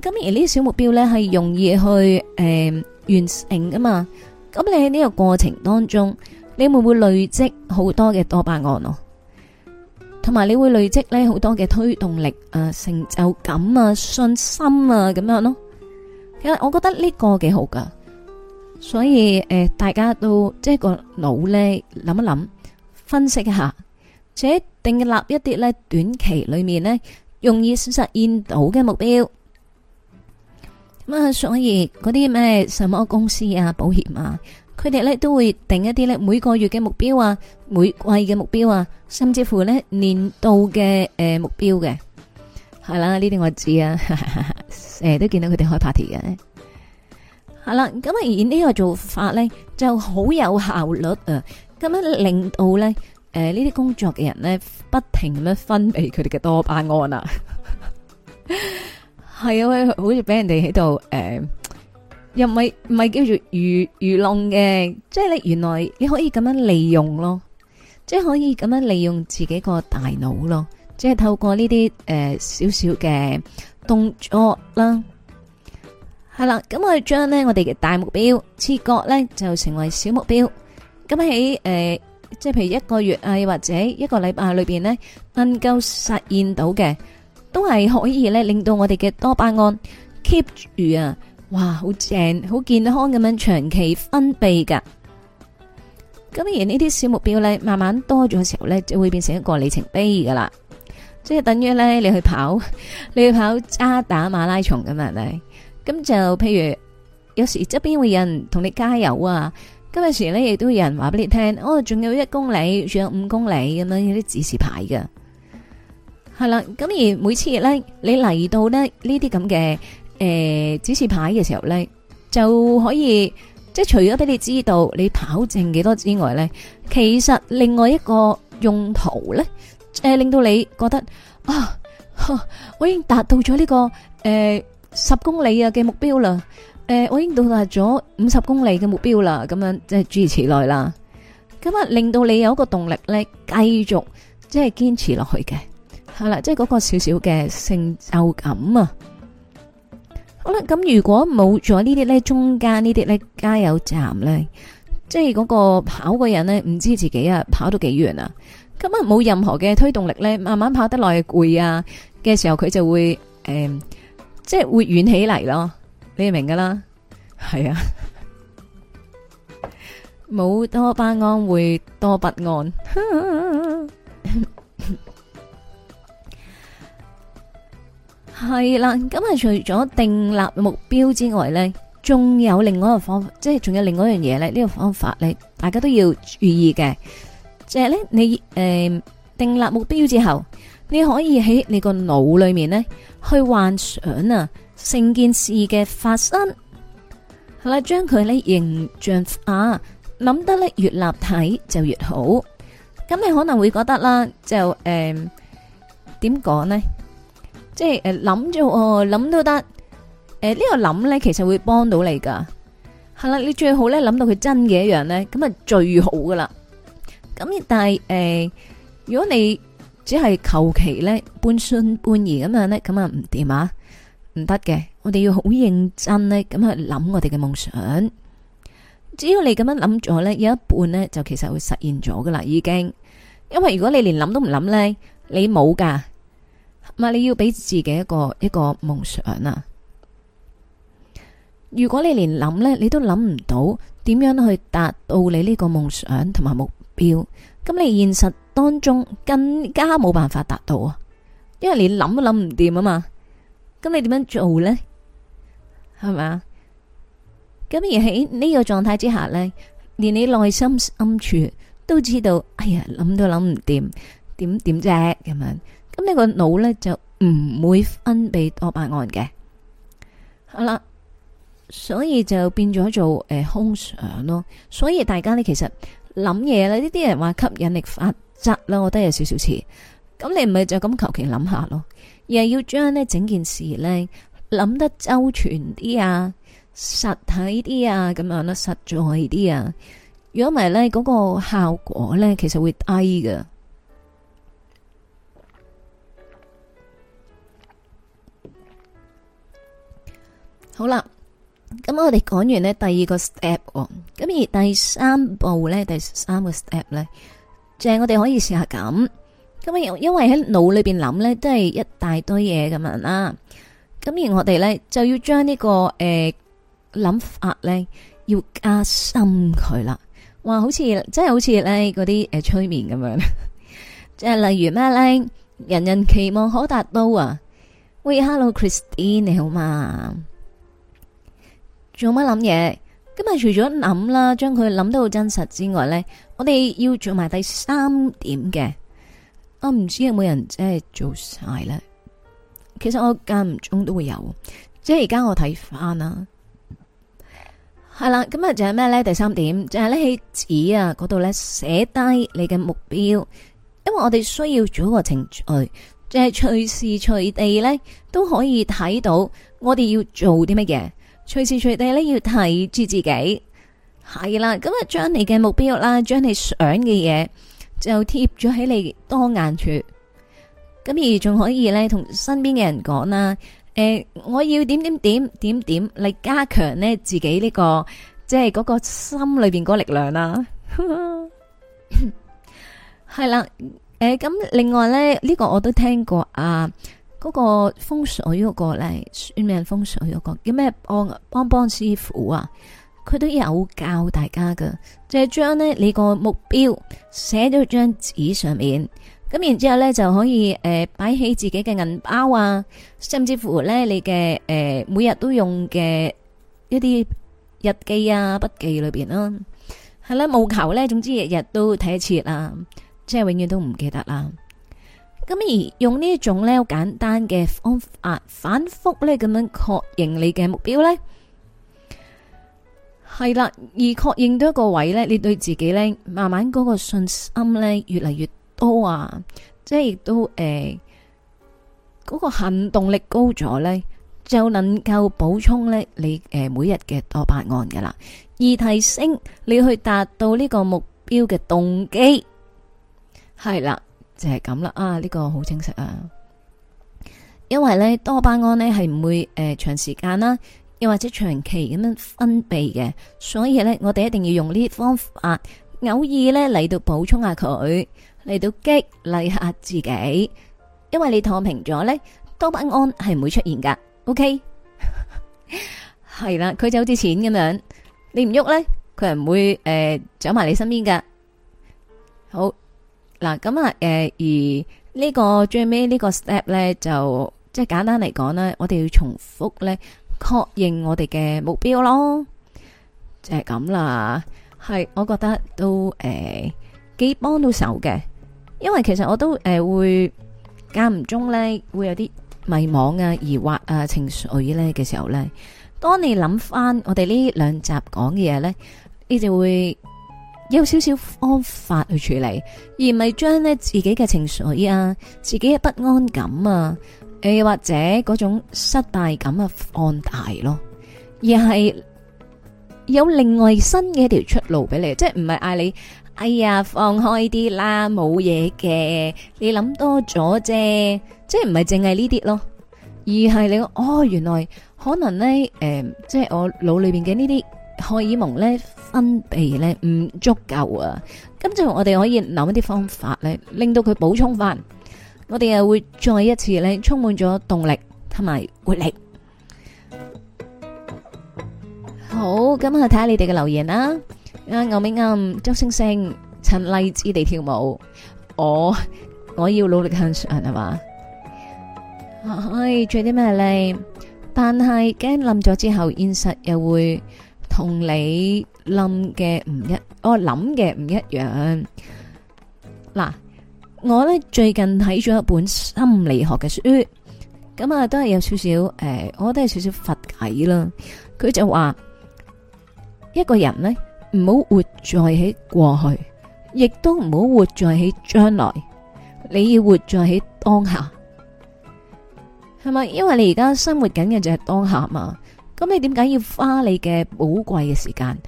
咁而呢啲小目標咧係容易去誒完成噶嘛。咁你喺呢個過程當中，你會唔會累積好多嘅多巴胺咯？同埋你會累積咧好多嘅推動力、誒成就感啊、信心啊咁樣咯。其實我覺得呢個幾好噶，所以誒，大家都即係個腦咧諗一諗，分析一下。且定立一啲咧短期裏面咧容易實現到嘅目標，咁啊所以嗰啲咩什麼公司啊保險啊，佢哋咧都會定一啲咧每個月嘅目標啊，每季嘅目標啊，甚至乎咧年度嘅誒目標嘅，係啦呢啲我知啊，成日都見到佢哋開 party 嘅，係啦咁啊而呢個做法咧就好有效率啊，咁樣令到咧。誒，呢啲、呃、工作嘅人呢，不停咁樣分泌佢哋嘅多巴胺啊，係 啊，好似俾人哋喺度誒，又唔係唔係叫做愚愚弄嘅，即係你原來你可以咁樣利用咯，即係可以咁樣利用自己個大腦咯，即係透過呢啲誒少少嘅動作啦，係啦，咁我哋將呢，我哋嘅大目標切割呢，就成為小目標，咁喺誒。呃即係譬如一個月啊，又或者一個禮拜裏邊呢，能夠實現到嘅，都係可以呢，令到我哋嘅多巴胺 keep 住啊！哇，好正，好健康咁樣長期分泌噶。咁而呢啲小目標呢，慢慢多咗嘅時候呢，就會變成一個里程碑噶啦。即係等於呢，你去跑，你去跑渣打馬拉松咁啊？係咪？咁就譬如有時側邊會有人同你加油啊！今日時咧，亦都有人話俾你聽，我、哦、仲有一公里，仲有五公里咁樣啲指示牌嘅，係啦。咁而每次咧，你嚟到呢啲咁嘅誒指示牌嘅時候咧，就可以即係除咗俾你知道你跑剩幾多之外咧，其實另外一個用途咧，誒、呃、令到你覺得啊，啊，我已經達到咗呢、這個誒十、呃、公里啊嘅目標啦。誒，我已經到達咗五十公里嘅目標啦，咁樣即係堅持來啦。咁啊，令到你有一個動力咧，繼續，即係堅持落去嘅。係啦，即係嗰個少少嘅成就感啊。好啦，咁如果冇咗呢啲咧，中間這些呢啲咧，加油站咧，即係嗰個跑嘅人咧，唔知自己啊跑到幾遠啊。咁啊，冇任何嘅推動力咧，慢慢跑得耐攰啊嘅時候，佢就會誒、呃，即係會軟起嚟咯。你明噶啦，係啊，冇多巴胺會多不安，係啦。咁啊，除咗訂立目標之外咧，仲有另外一個方，即係仲有另外一樣嘢咧。呢個方法咧，大家都要注意嘅。就係咧，你誒訂立目標之後，你可以喺你個腦裏面咧去幻想啊。成件事嘅發生，係啦，將佢咧形象化，諗得咧越立體就越好。咁你可能會覺得啦，就誒點講咧，即係誒諗咗，諗都得。誒呢個諗咧，其實會幫到你噶。係啦，你最好咧諗到佢真嘅一樣咧，咁啊最好噶啦。咁但係誒、呃，如果你只係求其咧半信半疑咁樣咧，咁啊唔掂啊。唔得嘅，我哋要好認真呢。咁去諗我哋嘅夢想。只要你咁樣諗咗呢，有一半呢就其實會實現咗噶啦，已經。因為如果你連諗都唔諗呢，你冇噶。咁你要俾自己一個一個夢想啊。如果你連諗呢，你都諗唔到點樣去達到你呢個夢想同埋目標，咁你現實當中更加冇辦法達到啊。因為你諗都諗唔掂啊嘛。咁你點樣做咧？係嘛？咁而喺呢個狀態之下咧，連你內心深處都知道，哎呀諗都諗唔掂，點點啫咁樣。咁你個腦咧就唔會分泌多巴胺嘅。好啦，所以就變咗做誒空想咯。所以大家咧其實諗嘢咧，呢啲人話吸引力法則啦，我覺得有少少似。咁你唔係就咁求其諗下咯。又要將呢整件事呢諗得周全啲啊，實體啲啊，咁樣啦，實在啲啊，如果唔係呢，嗰個效果呢其實會低嘅。好啦，咁我哋講完呢第二個 step，咁而第三步呢，第三個 step 呢，就係我哋可以試下咁。咁因為喺腦裏邊諗咧，都係一大堆嘢咁樣啦。咁而我哋咧就要將、這個呃、呢個誒諗法咧要加深佢啦。哇，好似真係好似咧嗰啲誒催眠咁樣，即 係例如咩咧？人人期望可達到啊。喂 hello Christine，你好嗎？做乜諗嘢？今日除咗諗啦，將佢諗到真實之外咧，我哋要做埋第三點嘅。我唔知有冇人即係做晒咧。其實我間唔中都會有，即係而家我睇翻啦，係啦。咁啊，就係咩咧？第三點就係咧喺紙啊嗰度咧寫低你嘅目標，因為我哋需要做一個程序，即係隨時隨地咧都可以睇到我哋要做啲乜嘢，隨時隨地咧要睇住自己。係啦，咁啊，將你嘅目標啦，將你想嘅嘢。就貼咗喺你多眼處，咁而仲可以咧同身邊嘅人講啦。誒、呃，我要點點點點點嚟加強呢自己呢、這個即係嗰個心裏邊嗰個力量啦、啊。係 啦，誒、呃，咁另外咧呢、這個我都聽過啊，嗰、那個風水嗰個咧算命風水嗰個，叫咩幫幫幫師傅啊？佢都有教大家嘅，就係、是、將呢你個目標寫咗張紙上面，咁然之後咧就可以誒、呃、擺喺自己嘅銀包啊，甚至乎呢，你嘅誒每日都用嘅一啲日記啊筆記裏邊啦、啊，係啦，務求呢，總之日日都睇一次啦，即係永遠都唔記得啦。咁而用呢一種呢咧簡單嘅方法，反覆呢，咁樣確認你嘅目標呢。係啦，而確認到一個位呢，你對自己呢，慢慢嗰個信心呢，越嚟越多啊，即係亦都誒，嗰、呃那個行動力高咗呢，就能夠補充呢你誒、呃、每日嘅多巴胺㗎喇，而提升你去達到呢個目標嘅動機，係啦，就係咁啦，啊呢、這個好清晰啊，因為呢，多巴胺呢係唔會誒、呃、長時間啦。又或者長期咁樣分泌嘅，所以咧，我哋一定要用呢啲方法，偶爾咧嚟到補充下佢嚟到激勵下自己，因為你躺平咗咧，多巴胺係唔會出現噶。O K 係啦，佢就好似錢咁樣，你唔喐咧，佢係唔會誒走埋、呃、你身邊噶。好嗱，咁啊誒、呃，而、這個、個呢個最尾呢個 step 咧，就即係簡單嚟講咧，我哋要重複咧。確認我哋嘅目標咯，就係咁啦。係我覺得都誒幾幫到手嘅，因為其實我都誒、呃、會間唔中咧會有啲迷惘啊、疑惑啊、情緒咧嘅時候咧，當你諗翻我哋呢兩集講嘅嘢，咧，你就會有少少方法去處理，而唔係將咧自己嘅情緒啊、自己嘅不安感啊。誒，或者嗰種失敗感啊，放大咯，而係有另外新嘅一條出路俾你，即係唔係嗌你，哎呀放開啲啦，冇嘢嘅，你諗多咗啫，即係唔係淨係呢啲咯，而係你講，哦原來可能咧，誒，即係我腦裏邊嘅呢啲荷爾蒙咧分泌咧唔足夠啊，咁就我哋可以諗一啲方法咧，令到佢補充返。我哋又會再一次咧充滿咗動力同埋活力。好，咁啊睇下你哋嘅留言啦。阿牛明、阿周星星、陳麗姿地跳舞，我我要努力向上係嘛？唉，做啲咩咧？但係驚冧咗之後，現實又會同你冧嘅唔一，我諗嘅唔一樣。嗱。我咧最近睇咗一本心理學嘅書，咁、嗯、啊都係有少少誒，我都係少少佛偈啦。佢就話一個人呢，唔好活在喺過去，亦都唔好活在喺將來，你要活在喺當下，係咪？因為你而家生活緊嘅就係當下嘛。咁你點解要花你嘅寶貴嘅時間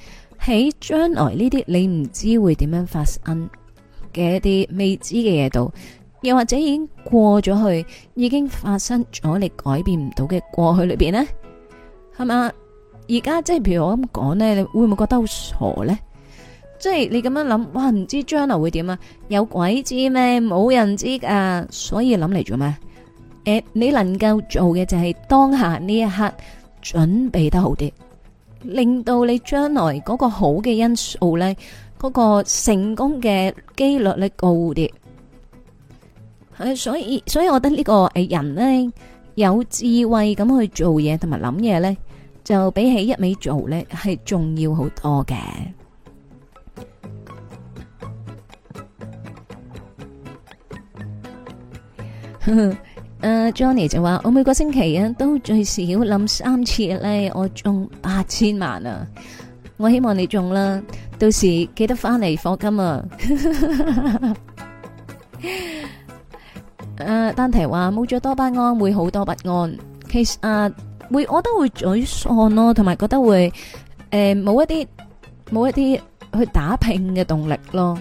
喺將來呢啲你唔知會點樣發生嘅一啲未知嘅嘢度，又或者已經過咗去了，已經發生咗你改變唔到嘅過去裏邊呢？係嘛？而家即係譬如我咁講呢，你會唔會覺得好傻呢？即係你咁樣諗，哇！唔知將來會點啊？有鬼知咩？冇人知噶，所以諗嚟做咩？誒，你能夠做嘅就係當下呢一刻準備得好啲，令到你將來嗰個好嘅因素呢。嗰個成功嘅幾率咧高啲，係，所以所以我覺得呢個誒人咧有智慧咁去做嘢同埋諗嘢咧，就比起一味做咧係重要好多嘅。誒，Johnny 就話我每個星期啊都最少諗三次咧，我中八千萬啊！我希望你中啦，到時記得翻嚟課金啊！啊，丹提話冇咗多巴胺會好多不安，其實啊會我都會沮喪咯，同埋覺得會誒冇一啲冇一啲去打拼嘅動力咯。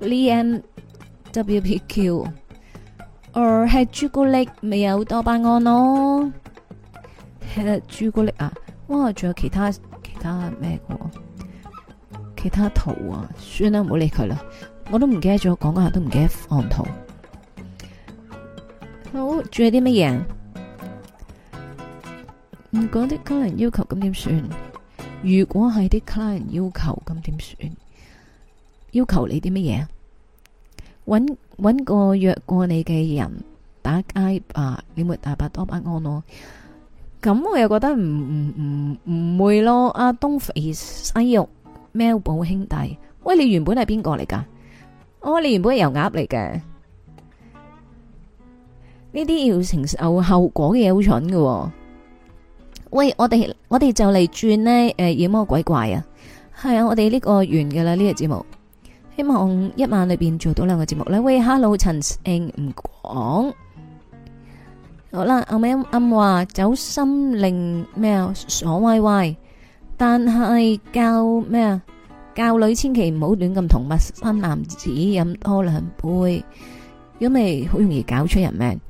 L N W P Q，哦係朱古力未有多巴胺咯，係朱古力啊！哇，仲有其他其他咩個？其他圖啊，算啦，唔好理佢啦。我都唔記得咗，講嗰下都唔記得放圖。好，仲有啲乜嘢？唔講啲 client 要求咁點算？如果係啲 client 要求咁點算？要求你啲乜嘢啊？搵搵個約過你嘅人打街啊，你會大把多巴胺咯。咁我又覺得唔唔唔唔會咯、啊，阿東肥西肉喵寶兄弟，喂，你原本係邊個嚟噶？哦，你原本係油鴨嚟嘅，呢啲要承受後果嘅嘢好蠢噶、哦。喂，我哋我哋就嚟轉呢。誒，妖魔鬼怪啊，係啊，我哋呢個完噶啦呢個節目，希望一晚裏邊做到兩個節目咧。喂，Hello 陳勝唔講。好啦，阿咪啱話走心令咩啊，爽歪歪。但係教咩啊，教女千祈唔好亂咁同陌生男子飲多兩杯，因為好容易搞出人命。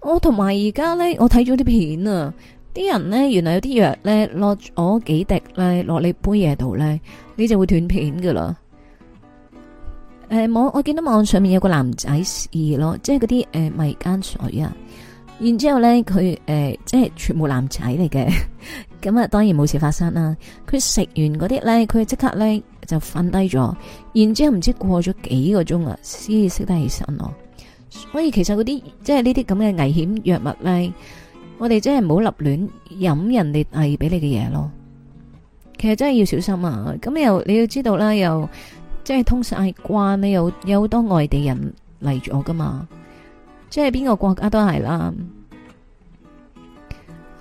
我同埋而家咧，我睇咗啲片啊，啲人咧，原來有啲藥咧落咗幾滴咧落你杯嘢度咧，你就會斷片噶啦。誒，網我見到網上面有個男仔試咯，即係嗰啲誒迷姦水啊。然之後咧，佢誒即係全部男仔嚟嘅，咁 啊當然冇事發生啦。佢食完嗰啲咧，佢即刻咧就瞓低咗。然之後唔知過咗幾個鐘啊，先識得起身咯。所以其實嗰啲即係呢啲咁嘅危險藥物咧，我哋真係唔好立亂飲人哋遞俾你嘅嘢咯。其實真係要小心啊！咁又你要知道啦，又即係通曬關，你又有好多外地人嚟咗噶嘛。即係邊個國家都係啦。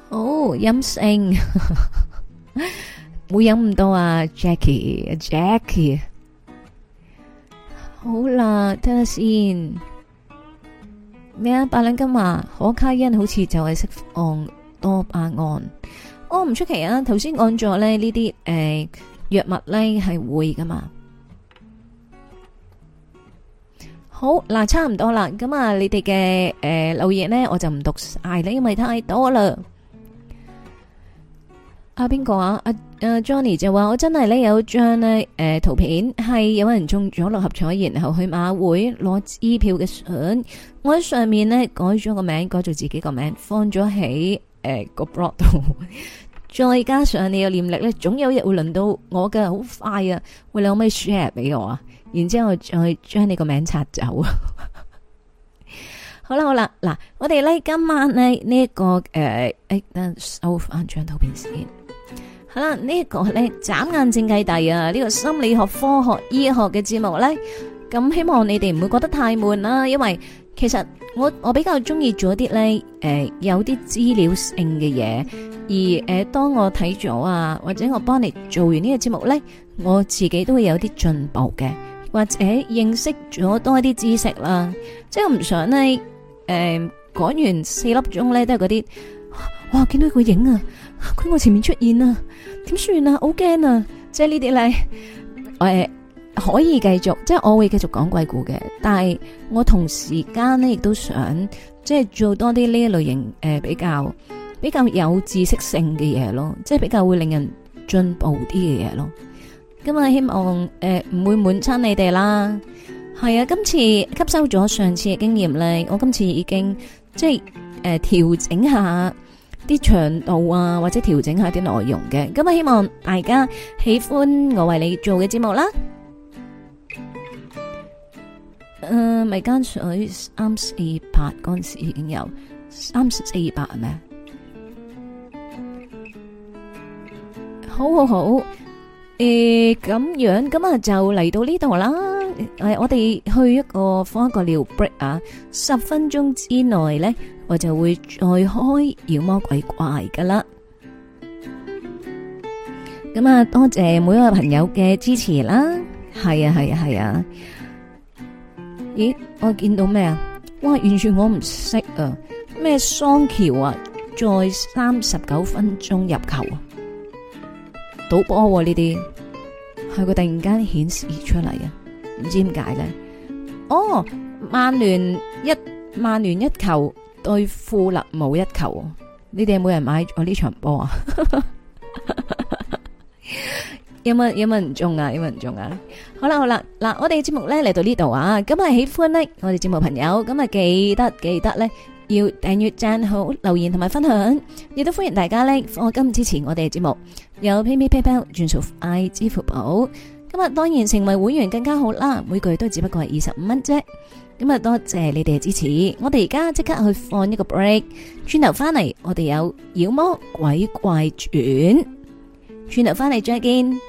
好、oh, 飲性，會飲唔到啊，Jackie，Jackie Jackie。好啦，睇下先。咩啊，八兩金話可卡因好似就係釋放多巴胺。我唔出奇啊，頭先講咗咧呢啲誒藥物咧係會噶嘛。好嗱，差唔多啦，咁啊，你哋嘅誒留言呢，我就唔讀晒啦，因為太多啦。阿、啊、邊個啊？阿、啊、誒、啊、Johnny 就話我真係呢，有張呢誒圖片係有人中咗六合彩，然後去馬會攞支票嘅相。我喺上面呢，改咗個名，改做自己個名，放咗喺誒個 blog 度。 再加上你嘅念力呢，總有一日會輪到我㗎，好快啊！喂，你可唔可以 share 俾我啊！然之後我再將你個名拆走。 好啦好啦，嗱，我哋咧今晚咧呢一、這個誒，誒、呃，翻張圖片先。好啦，這個、呢個咧眨眼正計第二啊，呢、這個心理學、科學、醫學嘅節目咧，咁、嗯、希望你哋唔會覺得太悶啦。因為其實我我比較中意做一啲咧誒有啲資料性嘅嘢，而誒、呃、當我睇咗啊，或者我幫你做完呢個節目咧，我自己都會有啲進步嘅。或者認識咗多一啲知識啦，即係唔想咧，誒、呃，講完四粒鐘咧都係嗰啲，哇，見到個影啊，佢喺我前面出現啊，點算啊？好驚啊！即係呢啲咧，誒、呃，可以繼續，即係我會繼續講鬼故嘅，但係我同時間咧亦都想即係做多啲呢一類型誒、呃、比較比較有知識性嘅嘢咯，即係比較會令人進步啲嘅嘢咯。咁啊，希望誒唔會悶親你哋啦。係啊，今次吸收咗上次嘅經驗咧，我今次已經即係誒調整下啲長度啊，或者調整下啲內容嘅。咁啊，希望大家喜歡我為你做嘅節目啦。誒，咪間水三四八嗰陣時已經有三十四八係咩？好好好。.誒，咁樣咁啊，就嚟到呢度啦。誒，我哋去一個放一個尿 break 啊，十分鐘之內咧，我就會再開妖魔鬼怪噶啦。咁啊，多謝每一位朋友嘅支持啦。係啊，係啊，係啊。咦，我見到咩啊？哇，完全我唔識啊。咩桑喬啊？再三十九分鐘入球啊！賭波呢啲係佢突然間顯示出嚟啊！唔知點解咧？哦，曼聯一曼聯一球對富勒冇一球，你哋有冇人買我呢場波啊？有冇有冇人中啊？有冇人中啊？好啦好啦，嗱我哋節目咧嚟到呢度啊，咁係喜歡咧我哋節目朋友，咁啊記得記得咧。要訂閱、讚好、留言同埋分享，亦都歡迎大家咧，課金 支持我哋嘅節目，有 Payme、PayPal、轉數快、支付寶。今日當然成為會員更加好啦，每個月都只不過係二十五蚊啫。咁啊，多謝你哋嘅支持，我哋而家即刻去放一個 break，轉頭翻嚟我哋有妖魔鬼怪傳，轉頭翻嚟再見。